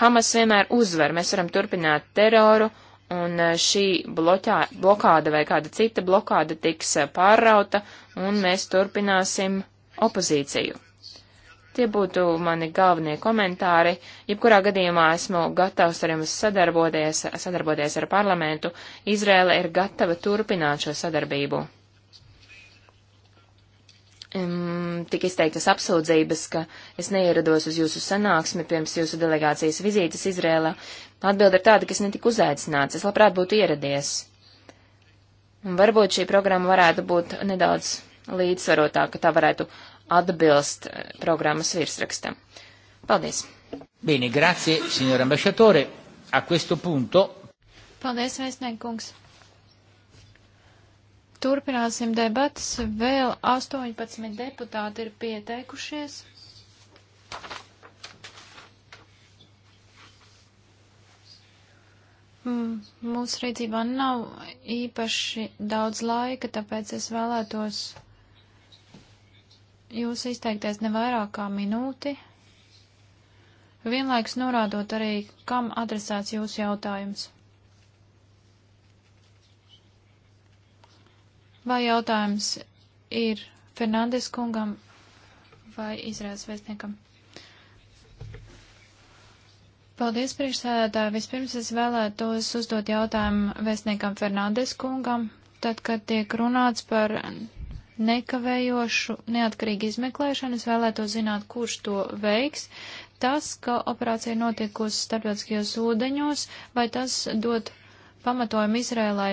Hamas vienmēr uzvar, mēs varam turpināt teroru, un eh, šī bloķā, blokāda vai kāda cita blokāda tiks eh, pārrauta, un mēs turpināsim opozīciju. Tie būtu mani galvenie komentāri. Jebkurā gadījumā esmu gatavs ar jums sadarboties, sadarboties ar parlamentu. Izrēla ir gatava turpināt šo sadarbību. Um, tik izteiktas apsūdzības, ka es neierados uz jūsu sanāksmi pirms jūsu delegācijas vizītes Izrēlā. Atbilde ir tāda, ka es netiku uzaicināts, es labprāt būtu ieradies. Un varbūt šī programma varētu būt nedaudz līdzsvarotāka, tā varētu atbilst eh, programmas virsrakstam. Paldies! Bene, grazie, signor ambasciatore. A questo punto. Paldies, vēstniekungs. Turpināsim debatas. Vēl 18 deputāti ir pieteikušies. Mm, mūsu rīcībā nav īpaši daudz laika, tāpēc es vēlētos jūs izteikties ne vairāk kā minūti, vienlaiks norādot arī, kam adresēts jūsu jautājums. Vai jautājums ir Fernandes kungam vai Izraels vēstniekam? Paldies, priekšsēdētāji. Vispirms es vēlētos uzdot jautājumu vēstniekam Fernandes kungam, tad, kad tiek runāts par nekavējošu, neatkarīgu izmeklēšanu. Es vēlētos zināt, kurš to veiks. Tas, ka operācija notiekusi starptautiskajos ūdeņos, vai tas dod pamatojumu Izrēlai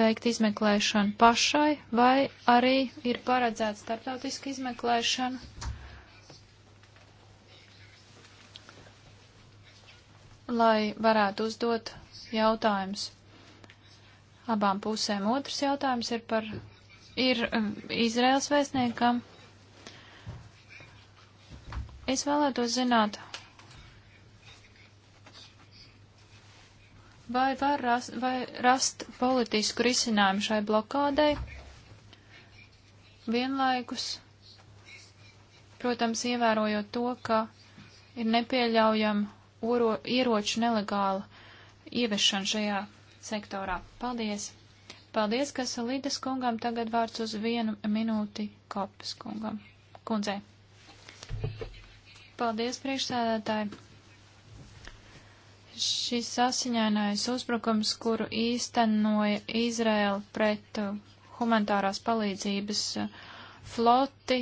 veikt izmeklēšanu pašai, vai arī ir paredzēta starptautiska izmeklēšana. Lai varētu uzdot jautājumus abām pusēm. Otrs jautājums ir par ir um, Izraels vēstniekam. Es vēlētos zināt, vai var rast, vai rast politisku risinājumu šai blokādei, vienlaikus, protams, ievērojot to, ka ir nepieļaujama ieroču nelegāla ievešana šajā sektorā. Paldies! Paldies, Kasalīdas kungam. Tagad vārds uz vienu minūti Kopas kungam. Kundzei. Paldies, priekšsēdētāji. Šis asiņainais uzbrukums, kuru īstenoja Izraela pret uh, humanitārās palīdzības uh, floti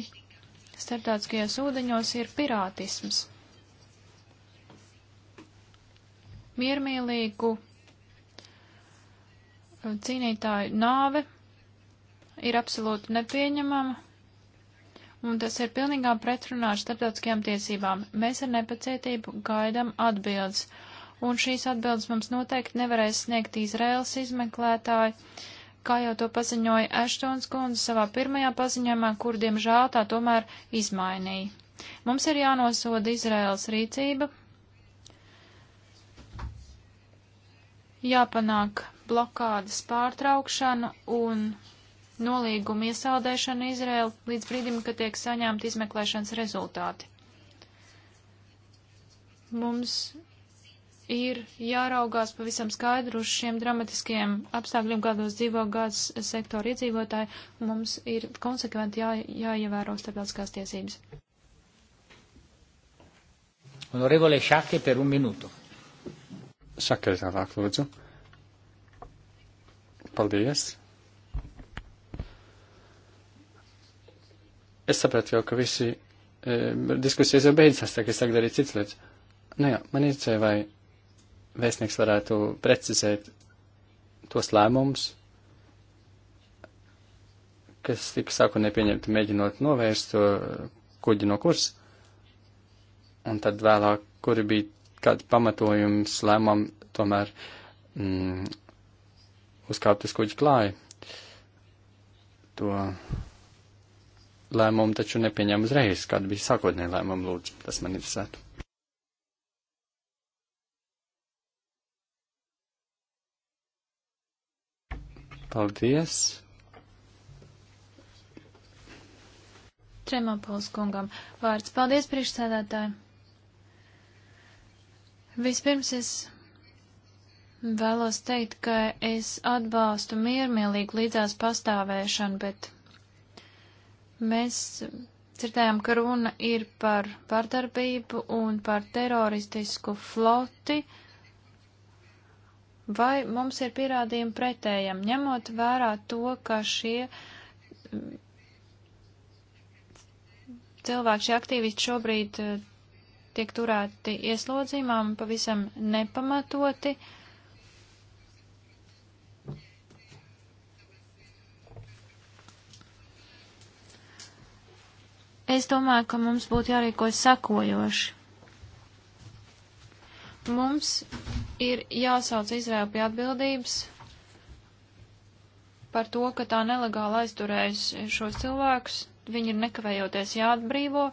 starptautiskajos ūdeņos, ir pirātisms. Miermīlīgu cīnītāju nāve ir absolūti nepieņemama, un tas ir pilnīgā pretrunā ar starptautiskajām tiesībām. Mēs ar nepacietību gaidam atbildes, un šīs atbildes mums noteikti nevarēs sniegt Izraels izmeklētāji, kā jau to paziņoja Ashtons kundze savā pirmajā paziņojumā, kur diemžēl tā tomēr izmainīja. Mums ir jānosoda Izraels rīcība, jāpanāk blokādas pārtraukšanu un nolīgumu iesaldēšanu Izraēlu līdz brīdim, kad tiek saņemti izmeklēšanas rezultāti. Mums ir jāraugās pavisam skaidru uz šiem dramatiskiem apstākļiem, kādos dzīvo gāds sektora iedzīvotāji, un mums ir konsekventi jā, jāievēro starptautiskās tiesības. Honorevole Šake per un minūtu. Šake tālāk, lūdzu. Paldies! Es sapratu jau, ka visi e, diskusijas jau beidzās, tā ka es sāku darīt citas lietas. Nu jā, man interesē, vai vēstnieks varētu precizēt tos lēmumus, kas tika sākotnēji pieņemti, mēģinot novērst kuģi no kursa, un tad vēlāk, kuri bija kādi pamatojums lēmām tomēr mm, uzkāpt uz kuģa klāja. To lēmumu taču nepieņem uzreiz, kāda bija sākotnēja lēmuma lūdzu. Tas man interesētu. Paldies! Tremopols kungam vārds. Paldies, priekšsēdētāji! Vispirms es Vēlos teikt, ka es atbalstu miermīlīgu līdzās pastāvēšanu, bet mēs dzirdējām, ka runa ir par vardarbību un par teroristisku floti. Vai mums ir pierādījumi pretējam, ņemot vērā to, ka šie cilvēki, šie aktīvisti šobrīd eh, tiek turēti ieslodzījumā pavisam nepamatoti? Uh, Es domāju, ka mums būtu jārīkojas sakojoši. Mums ir jāsauc Izraela pie atbildības par to, ka tā nelegāli aizturējas šos cilvēkus. Viņi ir nekavējoties jāatbrīvo.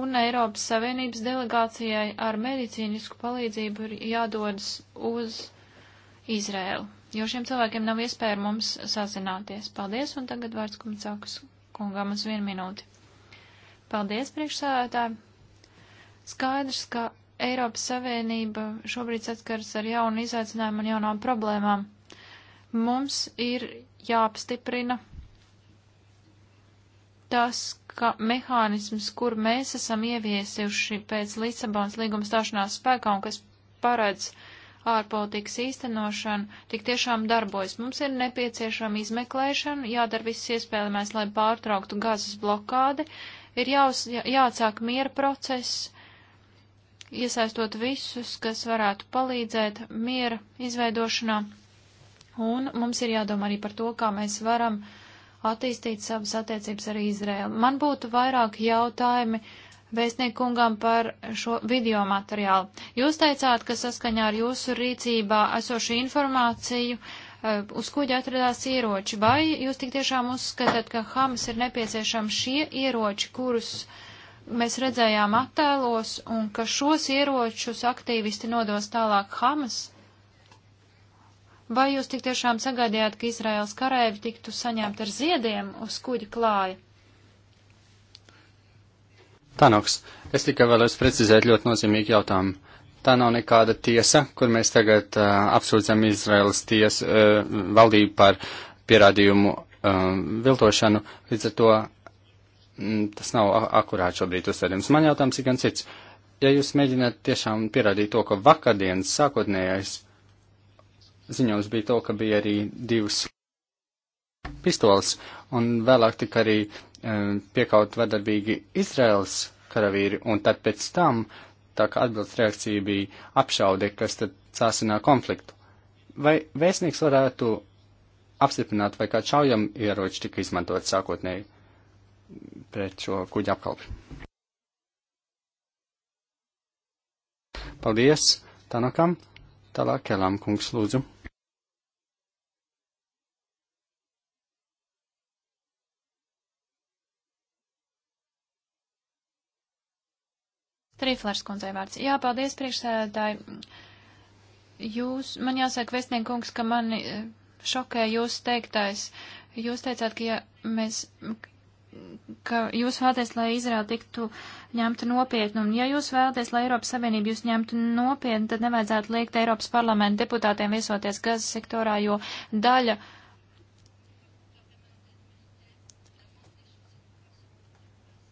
Un Eiropas Savienības delegācijai ar medicīnisku palīdzību ir jādodas uz Izraelu jo šiem cilvēkiem nav iespēja ar mums sazināties. Paldies, un tagad vārds kumcākas kungām uz vienu minūti. Paldies, priekšsēdētāji! Skaidrs, ka Eiropas Savienība šobrīd saskars ar jaunu izaicinājumu un jaunām problēmām. Mums ir jāapstiprina tas, ka mehānisms, kur mēs esam ieviesuši pēc Lisabonas līguma stāšanās spēkā un kas paredz uh, ārpolitikas īstenošanu tik tiešām darbojas. Mums ir nepieciešama izmeklēšana, jādara viss iespējamais, lai pārtrauktu gazas blokādi, ir jāuz, jāatsāk miera process, iesaistot visus, kas varētu palīdzēt miera izveidošanā, un mums ir jādomā arī par to, kā mēs varam attīstīt savas attiecības ar Izraēlu. Man būtu vairāk jautājumi vēstniekungam par šo video materiālu. Jūs teicāt, ka saskaņā ar jūsu rīcībā esošu informāciju eh, uz kuģa atradās ieroči. Vai jūs tik tiešām uzskatāt, ka Hamas ir nepieciešami šie ieroči, kurus mēs redzējām attēlos, un ka šos ieročus aktīvisti nodos tālāk Hamas? Vai jūs tik tiešām sagādījāt, ka Izraels karēvi tiktu saņemt ar ziediem uz kuģa klāja? Tanoks, es tikai vēlos precizēt ļoti nozīmīgu jautājumu. Tā nav nekāda tiesa, kur mēs tagad uh, apsūdzam Izraels tiesu uh, valdību par pierādījumu uh, viltošanu, līdz ar to mm, tas nav akurāt šobrīd uzsverījums. Man jautājums ir gan cits. Ja jūs mēģināt tiešām pierādīt to, ka vakardienas sākotnējais ziņojums bija to, ka bija arī divas pistoles, un vēlāk tika arī Um, piekaut vadarbīgi Izraels karavīri, un tad pēc tam, tā kā atbildes reakcija bija apšaude, kas tad sāsinā konfliktu. Vai vēstnieks varētu apstiprināt, vai kā šaujam ieroči tika izmantot sākotnēji pret šo kuģa apkalpi? Paldies, Tanakam, tālāk Kelam kungs lūdzu. Trīflers kundzei vārds. Jā, paldies priekšsēdētāji. Jūs, man jāsaka, vēstniekungs, ka mani eh, šokē jūs teiktais. Jūs teicāt, ka ja mēs, ka jūs vēlaties, lai Izraela tiktu ņemta nopietni, un ja jūs vēlaties, lai Eiropas Savienība jūs ņemtu nopietni, tad nevajadzētu liekt Eiropas parlamenta deputātiem viesoties gazas sektorā, jo daļa.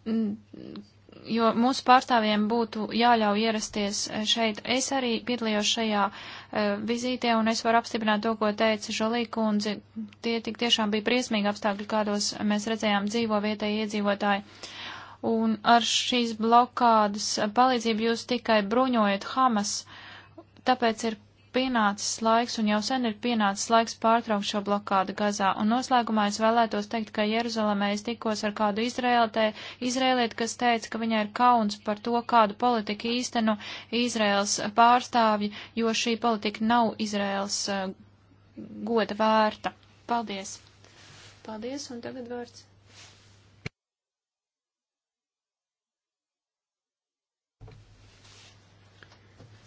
Mm, jo mūsu pārstāvjiem būtu jāļauj ierasties šeit. Es arī piedalījos šajā e, vizītē, un es varu apstiprināt to, ko teica Žolī kundze. Tie tik tiešām bija briesmīgi apstākļi, kādos mēs redzējām dzīvo vietēji iedzīvotāji. Un ar šīs blokādas palīdzību jūs tikai bruņojat Hamas, tāpēc ir pienācis laiks, un jau sen ir pienācis laiks pārtraukt šo blokādu Gazā. Un noslēgumā es vēlētos teikt, ka Jeruzalemē es tikos ar kādu izrēlētē, izrēlieti, kas teica, ka viņai ir kauns par to, kādu politiku īstenu Izraels pārstāvji, jo šī politika nav Izraels uh, goda vērta. Paldies! Paldies, un tagad vārds.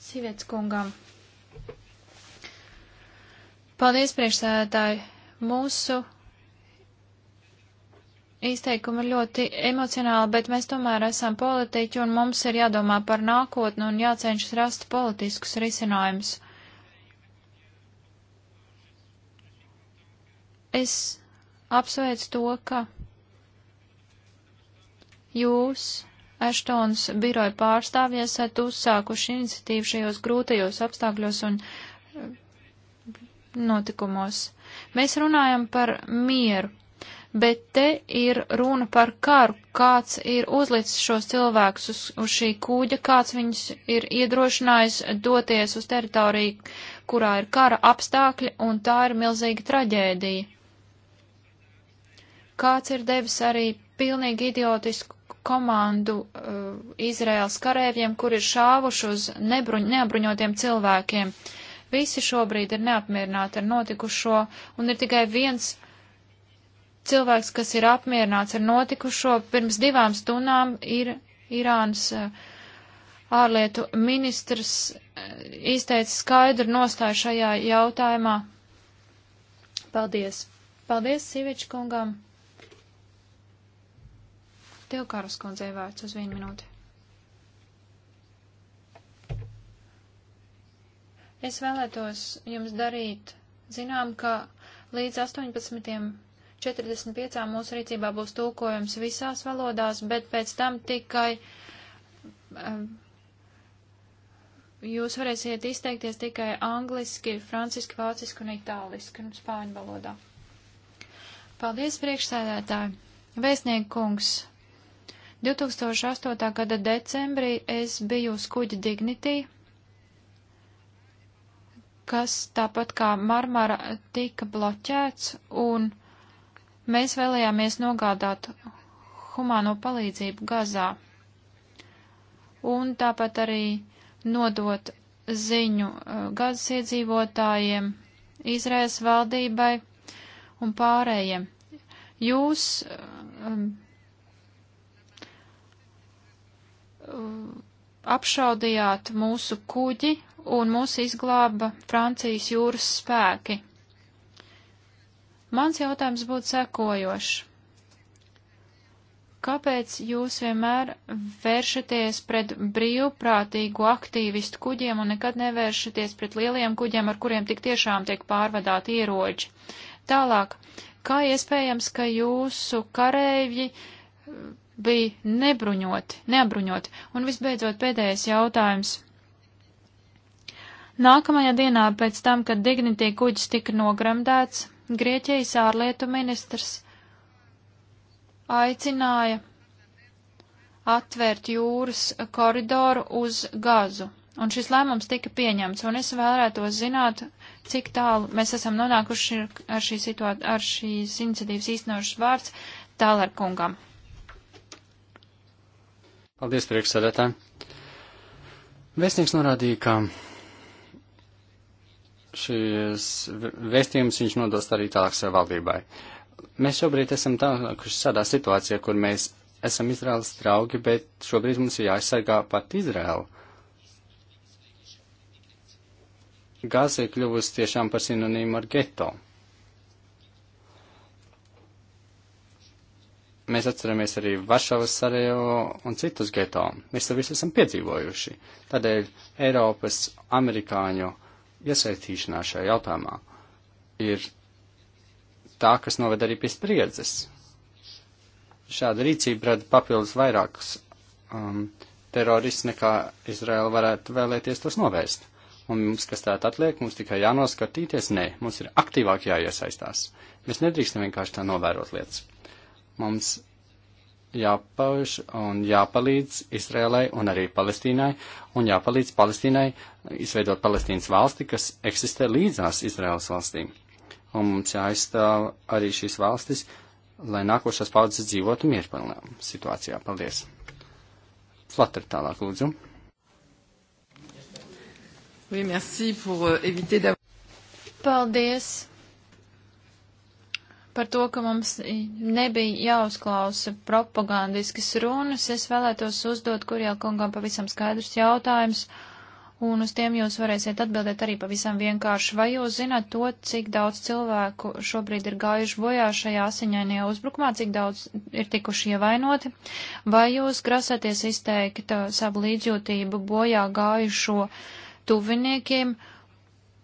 Sīvietes kungam. Paldies, priekšsēdētāji. Mūsu izteikumi ir ļoti emocionāli, bet mēs tomēr esam politiķi un mums ir jādomā par nākotni un jācenšas rast politiskus risinājumus. Es apsveicu to, ka jūs Ashtons biroja pārstāvji esat uzsākuši iniciatīvu šajos grūtajos apstākļos un notikumos. Mēs runājam par mieru, bet te ir runa par karu, kāds ir uzlicis šos cilvēkus uz, uz šī kūģa, kāds viņus ir iedrošinājis doties uz teritoriju, kurā ir kara apstākļi, un tā ir milzīga traģēdija. Kāds ir devis arī pilnīgi idiotisku komandu uh, Izraels karēviem, kur ir šāvuši uz nebruņ, neabruņotiem cilvēkiem. Uh, Visi šobrīd ir neapmierināti ar notikušo, un ir tikai viens cilvēks, kas ir apmierināts ar notikušo. Pirms divām stundām ir Irānas eh, ārlietu ministrs eh, izteica skaidru nostāju šajā jautājumā. Paldies! Paldies Sivičkungam! Tev, Kāras kundzei, vārds uz vienu minūti. Es vēlētos jums darīt zinām, ka līdz 18.45 mūsu rīcībā būs tulkojums visās valodās, bet pēc tam tikai um, jūs varēsiet izteikties tikai angliski, franciski, vāciski un itāliski un spāņu valodā. Paldies, priekšsēdētāji! Vēstnieku kungs! 2008. gada decembrī es biju uz kuģa Dignitī kas tāpat kā Marmara tika bloķēts, un mēs vēlējāmies nogādāt humāno palīdzību Gazā. Un tāpat arī nodot ziņu uh, Gazas iedzīvotājiem, Izraels valdībai un pārējiem. Jūs uh, um, uh, apšaudījāt mūsu kuģi un mūs izglāba Francijas jūras spēki. Mans jautājums būtu sekojošs. Kāpēc jūs vienmēr vēršaties pret brīvprātīgu aktīvistu kuģiem un nekad nevēršaties pret lieliem kuģiem, ar kuriem tik tiešām tiek pārvadāti ieroči? Tālāk, kā iespējams, ka jūsu kareivji uh, bija nebruņoti, neabruņoti? Un visbeidzot, pēdējais jautājums. Nākamajā dienā pēc tam, kad dignitī kuģis tika nogremdēts, Grieķijas ārlietu ministrs aicināja atvērt jūras koridoru uz gazu. Un šis lēmums tika pieņemts, un es vēlētos zināt, cik tālu mēs esam nonākuši ar, šī situāt, ar šīs iniciatīvas īstenošas vārds tālāk kungam. Paldies, priekšsēdētāji. Vēstnieks norādīja, ka šīs vēstījums viņš nodos arī tālāk savai valdībai. Mēs šobrīd esam tādā situācijā, kur mēs esam Izraels draugi, bet šobrīd mums ir jāaizsargā pat Izraela. Gāze ir kļuvusi tiešām par sinonīmu ar geto. Mēs atceramies arī Varšavas Sarajevo un citus geto. Mēs to visu esam piedzīvojuši. Tādēļ Eiropas, Amerikāņu iesaistīšanās šajā jautājumā ir tā, kas noved arī pie spriedzes. Šāda rīcība rada papildus vairākus um, terorists nekā Izraela varētu vēlēties tos novērst. Un mums, kas tādā atliek, mums tikai jānoskatīties, nē, mums ir aktīvāk jāiesaistās. Mēs nedrīkstam vienkārši tā novērot lietas. Mums jāpauž un jāpalīdz Izrēlai un arī Palestīnai, un jāpalīdz Palestīnai izveidot Palestīnas valsti, kas eksistē līdzās Izrēlas valstīm. Un mums jāizstāv arī šīs valstis, lai nākošās paudzes dzīvotu mierpilnā situācijā. Paldies! Flatter tālāk, lūdzu. Oui, merci pour euh, éviter d'avoir. Paldies! par to, ka mums nebija jāuzklausa propagandiskas runas. Es vēlētos uzdot Kurjelkungam pavisam skaidrus jautājumus, un uz tiem jūs varēsiet atbildēt arī pavisam vienkārši. Vai jūs zināt to, cik daudz cilvēku šobrīd ir gājuši bojā šajā asiņainajā uzbrukumā, cik daudz ir tikuši ievainoti? Vai jūs grasāties izteikt savu līdzjūtību bojā gājušo tuviniekiem?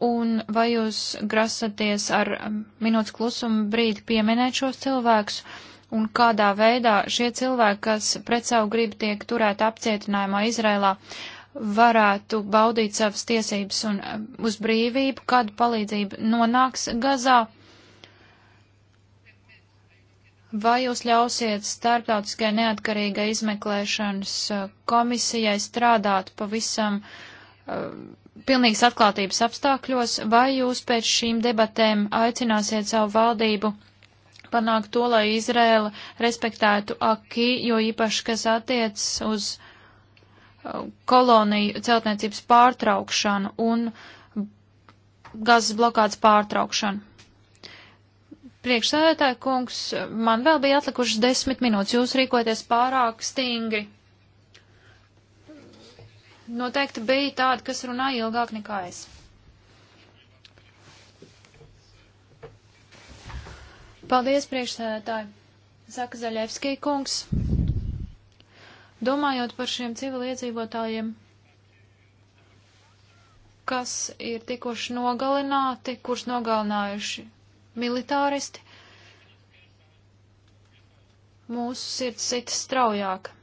Un vai jūs grasaties ar minūtes klusumu brīdi pieminēt šos cilvēkus? Un kādā veidā šie cilvēki, kas pret savu gribu tiek turēti apcietinājumā Izrēlā, varētu baudīt savas tiesības un um, uz brīvību, kāda palīdzība nonāks Gazā? Vai jūs ļausiet starptautiskai neatkarīgai izmeklēšanas uh, komisijai strādāt pavisam uh, pilnīgas atklātības apstākļos, vai jūs pēc šīm debatēm aicināsiet savu valdību panākt to, lai Izrēla respektētu akī, jo īpaši, kas attiec uz uh, koloniju celtniecības pārtraukšanu un gazas blokādes pārtraukšanu. Priekšsēdētāja kungs, man vēl bija atlikušas desmit minūtes, jūs rīkoties pārāk stingri noteikti bija tādi, kas runāja ilgāk nekā es. Paldies, priekšsēdētāji! Saka Zaļevskī kungs. Domājot par šiem civiliedzīvotājiem, kas ir tikuši nogalināti, kurus nogalinājuši militāristi, mūsu sirds sit straujāk.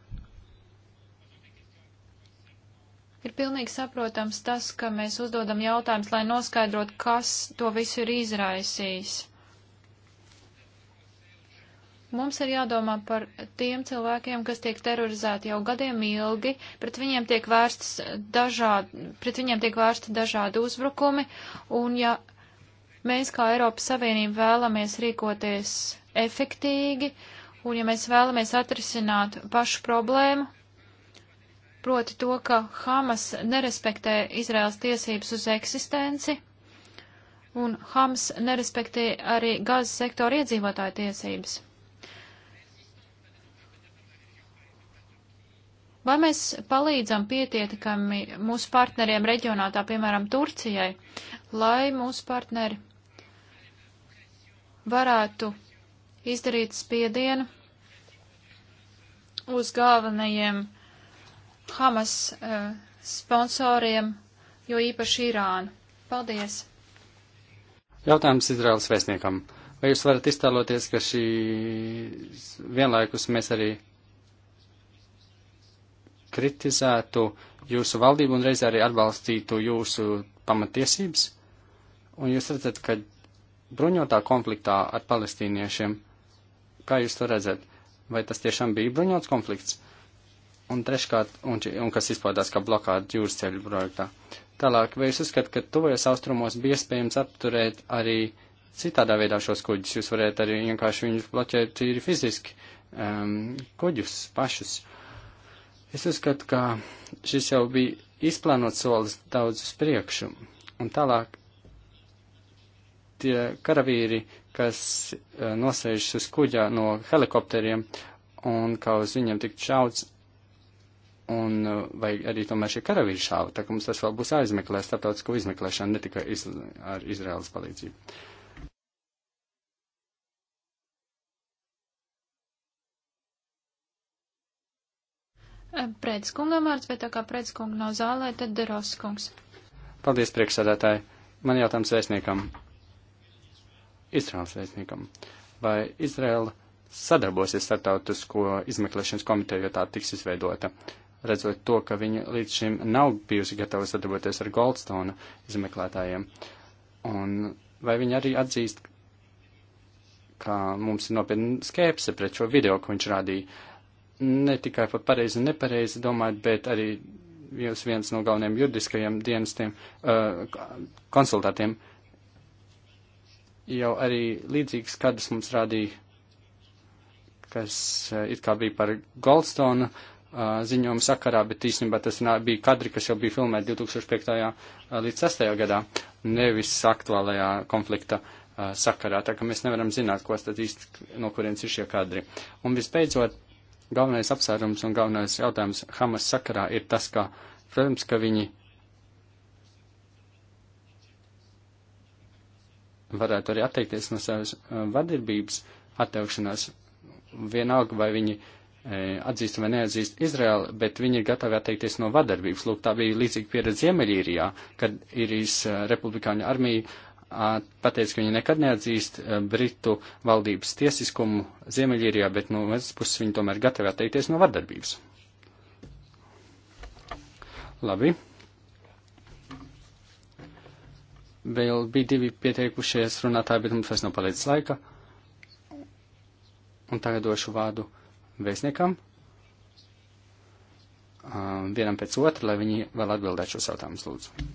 Ir pilnīgi saprotams tas, ka mēs uzdodam jautājumus, lai noskaidrot, kas to visu ir izraisījis. Mums ir jādomā par tiem cilvēkiem, kas tiek terorizēti jau gadiem ilgi, pret viņiem tiek vērstas dažādi, pret viņiem tiek vērsti dažādi uzbrukumi, un ja mēs kā Eiropas Savienība vēlamies rīkoties efektīgi, un ja mēs vēlamies atrisināt pašu problēmu, proti to, ka Hamas nerespektē Izraels tiesības uz eksistenci, un Hamas nerespektē arī gazas sektora iedzīvotāju tiesības. Vai mēs palīdzam pietiekami mūsu partneriem reģionā, tā piemēram Turcijai, lai mūsu partneri varētu izdarīt spiedienu uz galvenajiem uh, Hamas uh, sponsoriem, jo īpaši Irānu. Paldies! Jautājums Izraels vēstniekam. Vai jūs varat iztēloties, ka šī vienlaikus mēs arī kritizētu jūsu valdību un reizē arī atbalstītu jūsu pamatiesības? Un jūs redzat, ka bruņotā konfliktā ar palestīniešiem, kā jūs to redzat, vai tas tiešām bija bruņots konflikts? un treškārt, un, un kas izpaudās kā blokāda jūras ceļu projektā. Tālāk, vai jūs uzskatāt, ka tuvajos austrumos bija iespējams apturēt arī citādā veidā šos kuģus? Jūs varētu arī vienkārši viņus bloķēt tīri fiziski, um, kuģus pašus. Es uzskatu, ka šis jau bija izplānots solis daudz uz priekšu. Un tālāk, tie karavīri, kas uh, nosēžas uz kuģa no helikopteriem un kā uz viņiem tik šauts, un uh, vai arī tomēr šie karavīri šāva, tā ka mums tas vēl būs jāizmeklē starptautisko izmeklēšanu, ne tikai iz, ar Izraels palīdzību. Eh, prēdis kungam vārds, bet tā kā prēdis kunga nav zālē, tad Deros kungs. Paldies, priekšsādātāji. Man jautājums vēstniekam. Izraels vēstniekam. Vai Izraela sadarbosies starptautisko izmeklēšanas komiteju, jo tā tiks izveidota? redzot to, ka viņa līdz šim nav bijusi gatava sadarboties ar Goldstone izmeklētājiem. Un vai viņa arī atzīst, ka mums ir nopietna skēpse pret šo video, ko viņš rādīja? Ne tikai par pareizi un nepareizi domājot, bet arī jūs viens no galvenajiem juridiskajiem dienestiem, uh, konsultātiem, jau arī līdzīgs skatus mums rādīja, kas uh, it kā bija par Goldstone uh, ziņojuma sakarā, bet īstenībā tas bija kadri, kas jau bija filmēti 2005. līdz 6. gadā, nevis aktuālajā konflikta uh, sakarā, tā ka mēs nevaram zināt, ko tad īsti, no kurienes ir šie kadri. Un visbeidzot, galvenais apsvērums un galvenais jautājums Hamas sakarā ir tas, ka, protams, ka viņi varētu arī atteikties no savas uh, vadarbības atteikšanās, vienalga vai viņi uh, E, atzīst vai neatzīst Izraēlu, bet viņi ir gatavi atteikties no vadarbības. Lūk, tā bija līdzīga pieredze Ziemeļīrijā, kad Irijas e, republikāņu armija pateica, ka viņi nekad neatzīst e, Britu valdības tiesiskumu Ziemeļīrijā, bet no otras puses viņi tomēr gatavi atteikties no vadarbības. Labi. Vēl bija divi pieteikušies runātāji, bet mums vairs nav palicis laika. Un tagad došu vārdu vēstniekam, um, vienam pēc otra, lai viņi vēl atbildētu šos jautājumus, lūdzu.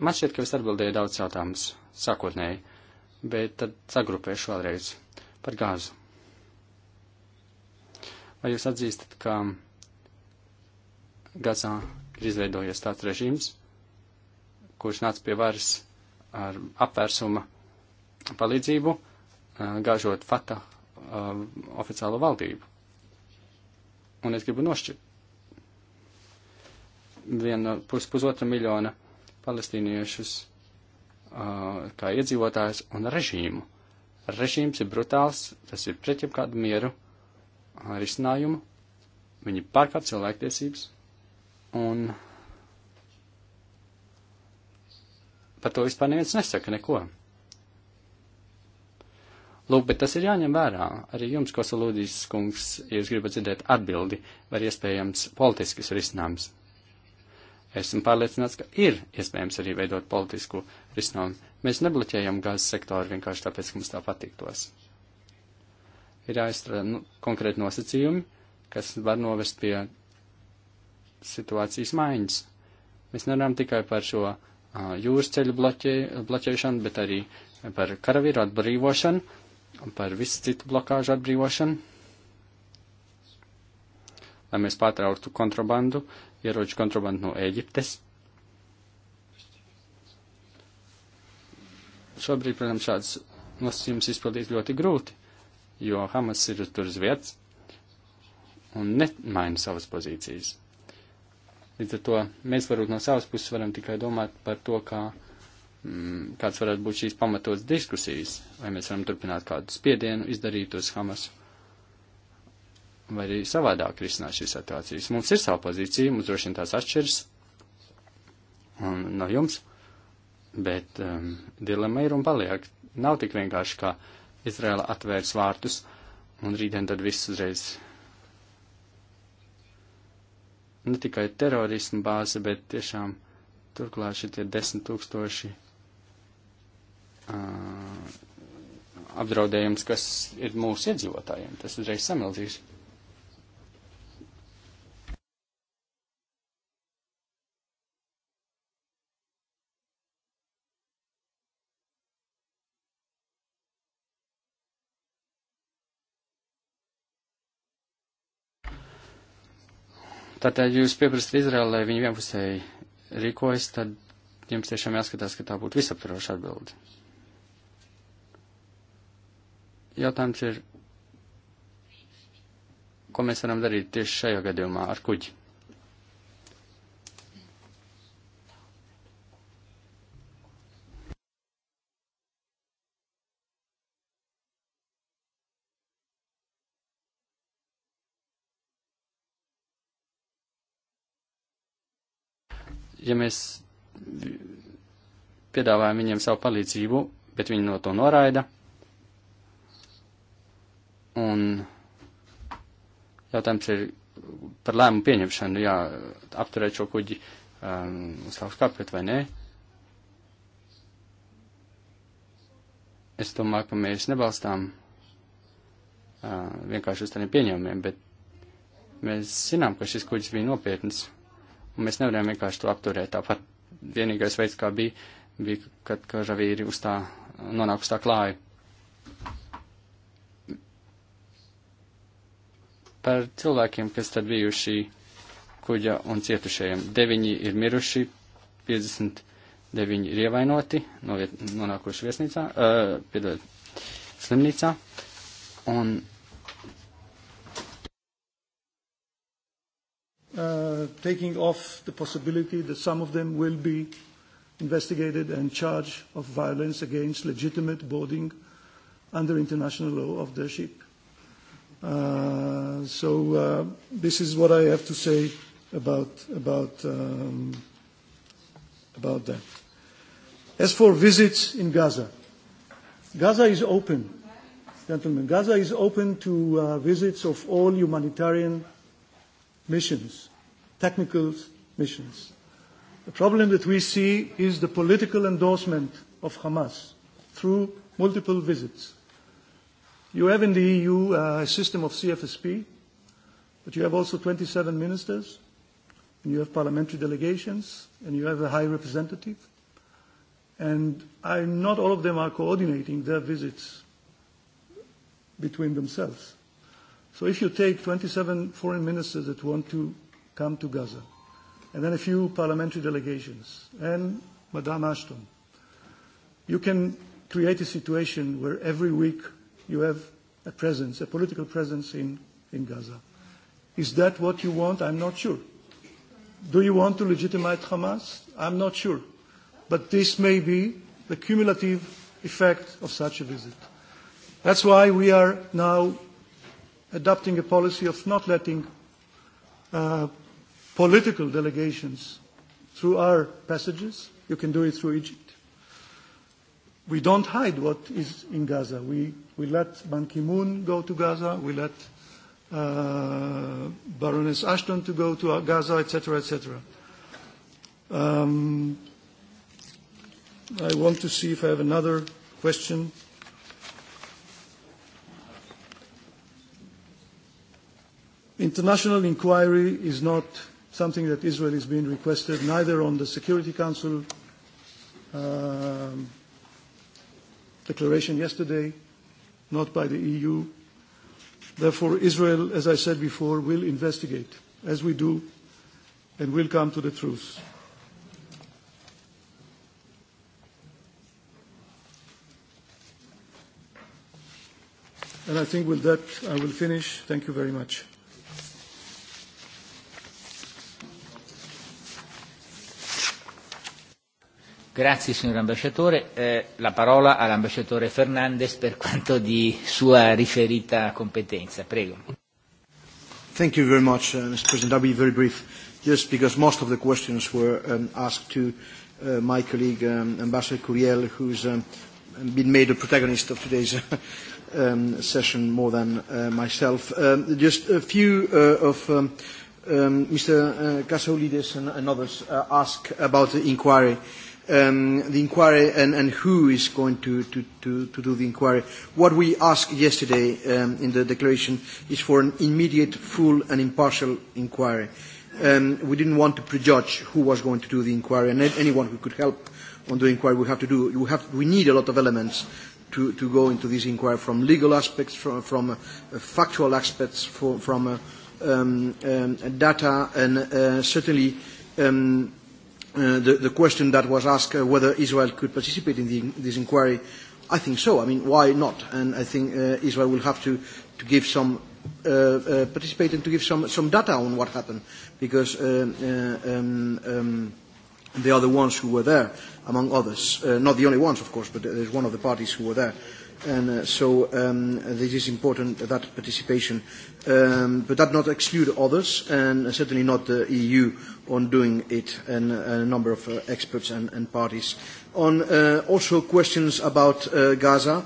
Man šķiet, ka es atbildēju daudz jautājumus sākotnēji, bet tad sagrupēšu vēlreiz par gāzu. Vai jūs atzīstat, ka Gazā ir izveidojies tāds režīms, kurš nāca pie varas ar apvērsuma palīdzību gāžot Fata um, oficiālo valdību. Un es gribu nošķirt. Viena pus, pusotra miljona palestīniešus uh, kā iedzīvotājs un režīmu. Režīms ir brutāls, tas ir pret jebkādu mieru risinājumu. Viņi pārkāp cilvēktiesības un Par to vispār neviens nesaka neko. Lūk, bet tas ir jāņem vērā. Arī jums, ko salūdīs kungs, ja jūs gribat dzirdēt atbildi, vai iespējams politiskas risinājums. Esmu pārliecināts, ka ir iespējams arī veidot politisku risinājumu. Mēs nebloķējam gāzes sektoru vienkārši tāpēc, ka mums tā patiktos. Ir jāizstrādā nu, konkrēti nosacījumi, kas var novest pie situācijas maiņas. Mēs nerunājam tikai par šo jūras ceļu bloķē, bloķēšanu, bet arī par karavīru atbrīvošanu, par visu citu blokāžu atbrīvošanu, lai mēs pārtrauktu kontrabandu, ieroču kontrabandu no Ēģiptes. Šobrīd, protams, šāds nosacījums izpildīt ļoti grūti, jo Hamas ir tur uz vietas un nemaina savas pozīcijas. Līdz ar to mēs varbūt no savas puses varam tikai domāt par to, kā, mm, kāds varētu būt šīs pamatotas diskusijas, vai mēs varam turpināt kādu spiedienu izdarīt uz Hamas, vai arī savādāk risināt šīs situācijas. Mums ir sava pozīcija, mums droši vien tās atšķiras un, no jums, bet um, dilema ir un paliek. Nav tik vienkārši, kā Izraela atvērs vārtus un rītdien tad viss uzreiz ne tikai terorismu bāze, bet tiešām turklāt šitie desmit tūkstoši uh, apdraudējums, kas ir mūsu iedzīvotājiem. Tas uzreiz samildzīs. Tātad, ja jūs pieprasat Izraēlu, lai viņi vienpusēji rīkojas, tad jums tiešām jāskatās, ka tā būtu visaptvaroša atbilde. Jautājums ir, ko mēs varam darīt tieši šajā gadījumā ar kuģi? ja mēs piedāvājam viņiem savu palīdzību, bet viņi no to noraida. Un jautājums ir par lēmumu pieņemšanu, jā, apturēt šo kuģi um, uz augstskāpēt vai nē. Es domāju, ka mēs nebalstām uh, vienkārši uz tādiem pieņēmumiem, bet mēs zinām, ka šis kuģis bija nopietns un mēs nevarējām vienkārši to apturēt. Tāpat vienīgais veids, kā bija, bija, kad karavīri uz tā nonāk uz tā klāja. Par cilvēkiem, kas tad bijuši kuģa un cietušajiem. Deviņi ir miruši, 59 ir ievainoti, noviet, nonākuši viesnīcā, uh, piedod, slimnīcā. Un taking off the possibility that some of them will be investigated and charged of violence against legitimate boarding under international law of their ship. Uh, so uh, this is what I have to say about, about, um, about that. As for visits in Gaza, Gaza is open, gentlemen. Gaza is open to uh, visits of all humanitarian missions technical missions. The problem that we see is the political endorsement of Hamas through multiple visits. You have in the EU uh, a system of CFSP, but you have also 27 ministers, and you have parliamentary delegations, and you have a high representative. And I, not all of them are coordinating their visits between themselves. So if you take 27 foreign ministers that want to come to Gaza. And then a few parliamentary delegations and Madame Ashton. You can create a situation where every week you have a presence, a political presence in, in Gaza. Is that what you want? I'm not sure. Do you want to legitimize Hamas? I'm not sure. But this may be the cumulative effect of such a visit. That's why we are now adopting a policy of not letting uh, political delegations through our passages. You can do it through Egypt. We don't hide what is in Gaza. We, we let Ban Ki-moon go to Gaza. We let uh, Baroness Ashton to go to uh, Gaza, etc., etc. Um, I want to see if I have another question. International inquiry is not something that Israel has been requested neither on the Security Council um, declaration yesterday, not by the EU. Therefore, Israel, as I said before, will investigate, as we do, and will come to the truth. And I think with that, I will finish. Thank you very much. Grazie signor ambasciatore. Eh, la parola all'ambasciatore Fernandez per quanto di sua riferita competenza. Prego. Thank you very much, uh, Mr. President. I'll be very brief, just because most of the questions were um, asked to uh, my colleague, um, Ambassador Curiel, who's um, been made a protagonist of today's um, session more than uh, myself. Um, just a few uh, of um, um, Mr. Uh, Kasoulidis and, and others uh, ask about the inquiry. Uh, um, the inquiry and, and who is going to, to, to, to do the inquiry. What we asked yesterday um, in the declaration is for an immediate, full and impartial inquiry. Um, we didn't want to prejudge who was going to do the inquiry and anyone who could help on the inquiry we have to do. We, have, we need a lot of elements to, to go into this inquiry from legal aspects, from, from uh, factual aspects, for, from uh, um, um, data and uh, certainly um, Uh, the, the question that was asked uh, whether Israel could participate in the, this inquiry, I think so. I mean, why not? And I think uh, Israel will have to, to give some, uh, uh, participate and to give some, some data on what happened, because uh, uh, um, um, they are the ones who were there, among others. Uh, not the only ones, of course, but there's one of the parties who were there. Uh, And uh, so um, it is important that participation, um, but that not exclude others, and uh, certainly not the EU on doing it, and uh, a number of uh, experts and, and parties. On uh, also questions about uh, Gaza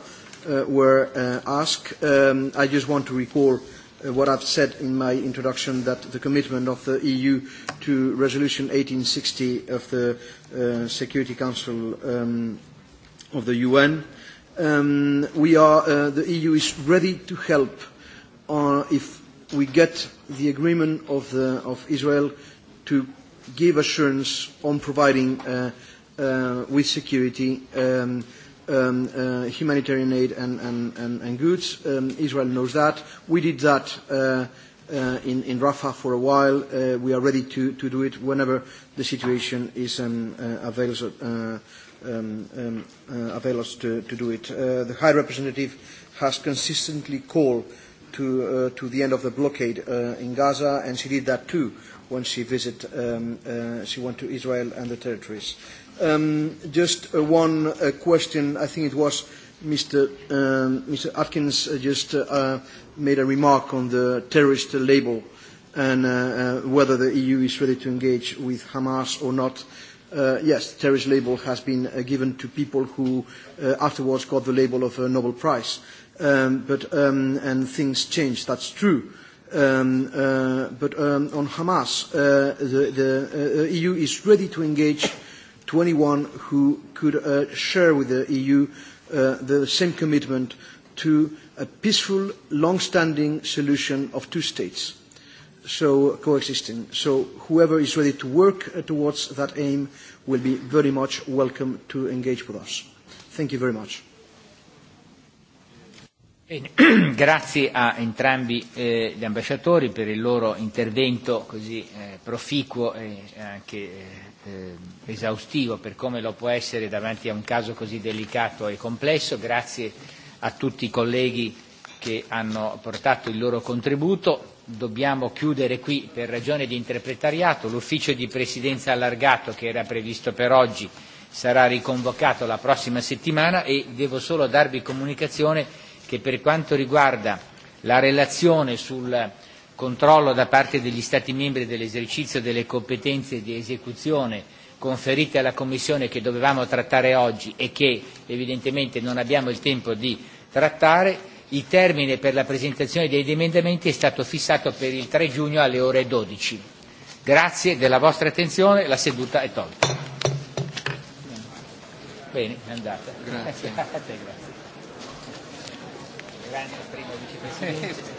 uh, were uh, asked. Um, I just want to recall uh, what I've said in my introduction, that the commitment of the EU to Resolution 1860 of the uh, Security Council um, of the UN Um, we are, uh, the EU is ready to help uh, if we get the agreement of, the, of Israel to give assurance on providing uh, uh, with security um, um, uh, humanitarian aid and, and, and, and goods. Um, Israel knows that. We did that uh, uh, in, in Rafah for a while. Uh, we are ready to, to do it whenever the situation is um, uh, avails, uh, um, um, uh, avail us to, to do it. Uh, the High Representative has consistently called to, uh, to the end of the blockade uh, in Gaza, and she did that too when she visited, um, uh, she went to Israel and the territories. Um, just uh, one uh, question, I think it was Mr. Um, Mr. Atkins uh, just uh, uh, made a remark on the terrorist label and uh, uh, whether the EU is ready to engage with Hamas or not. Uh, uh, yes, terrorist label has been uh, given to people who uh, afterwards got the label of a Nobel Prize. Um, but, um, and things change, that's true. Um, uh, but um, on Hamas, uh, the, the uh, EU is ready to engage to anyone who could uh, share with the EU uh, the same commitment to a peaceful, long-standing solution of two states so coexisting. So whoever is ready to work uh, towards that aim will be very much welcome to engage with us. Thank you very much. Bene. Grazie a entrambi eh, gli ambasciatori per il loro intervento così eh, proficuo e anche eh, eh, esaustivo per come lo può essere davanti a un caso così delicato e complesso. Grazie a tutti i colleghi che hanno portato il loro contributo dobbiamo chiudere qui per ragione di interpretariato. L'ufficio di presidenza allargato che era previsto per oggi sarà riconvocato la prossima settimana e devo solo darvi comunicazione che per quanto riguarda la relazione sul controllo da parte degli Stati membri dell'esercizio delle competenze di esecuzione conferite alla Commissione che dovevamo trattare oggi e che evidentemente non abbiamo il tempo di trattare, il termine per la presentazione degli emendamenti è stato fissato per il 3 giugno alle ore 12. Grazie della vostra attenzione, la seduta è tolta. Bene, è andata. Grazie. grazie, grazie. Grande primo vicepresidente.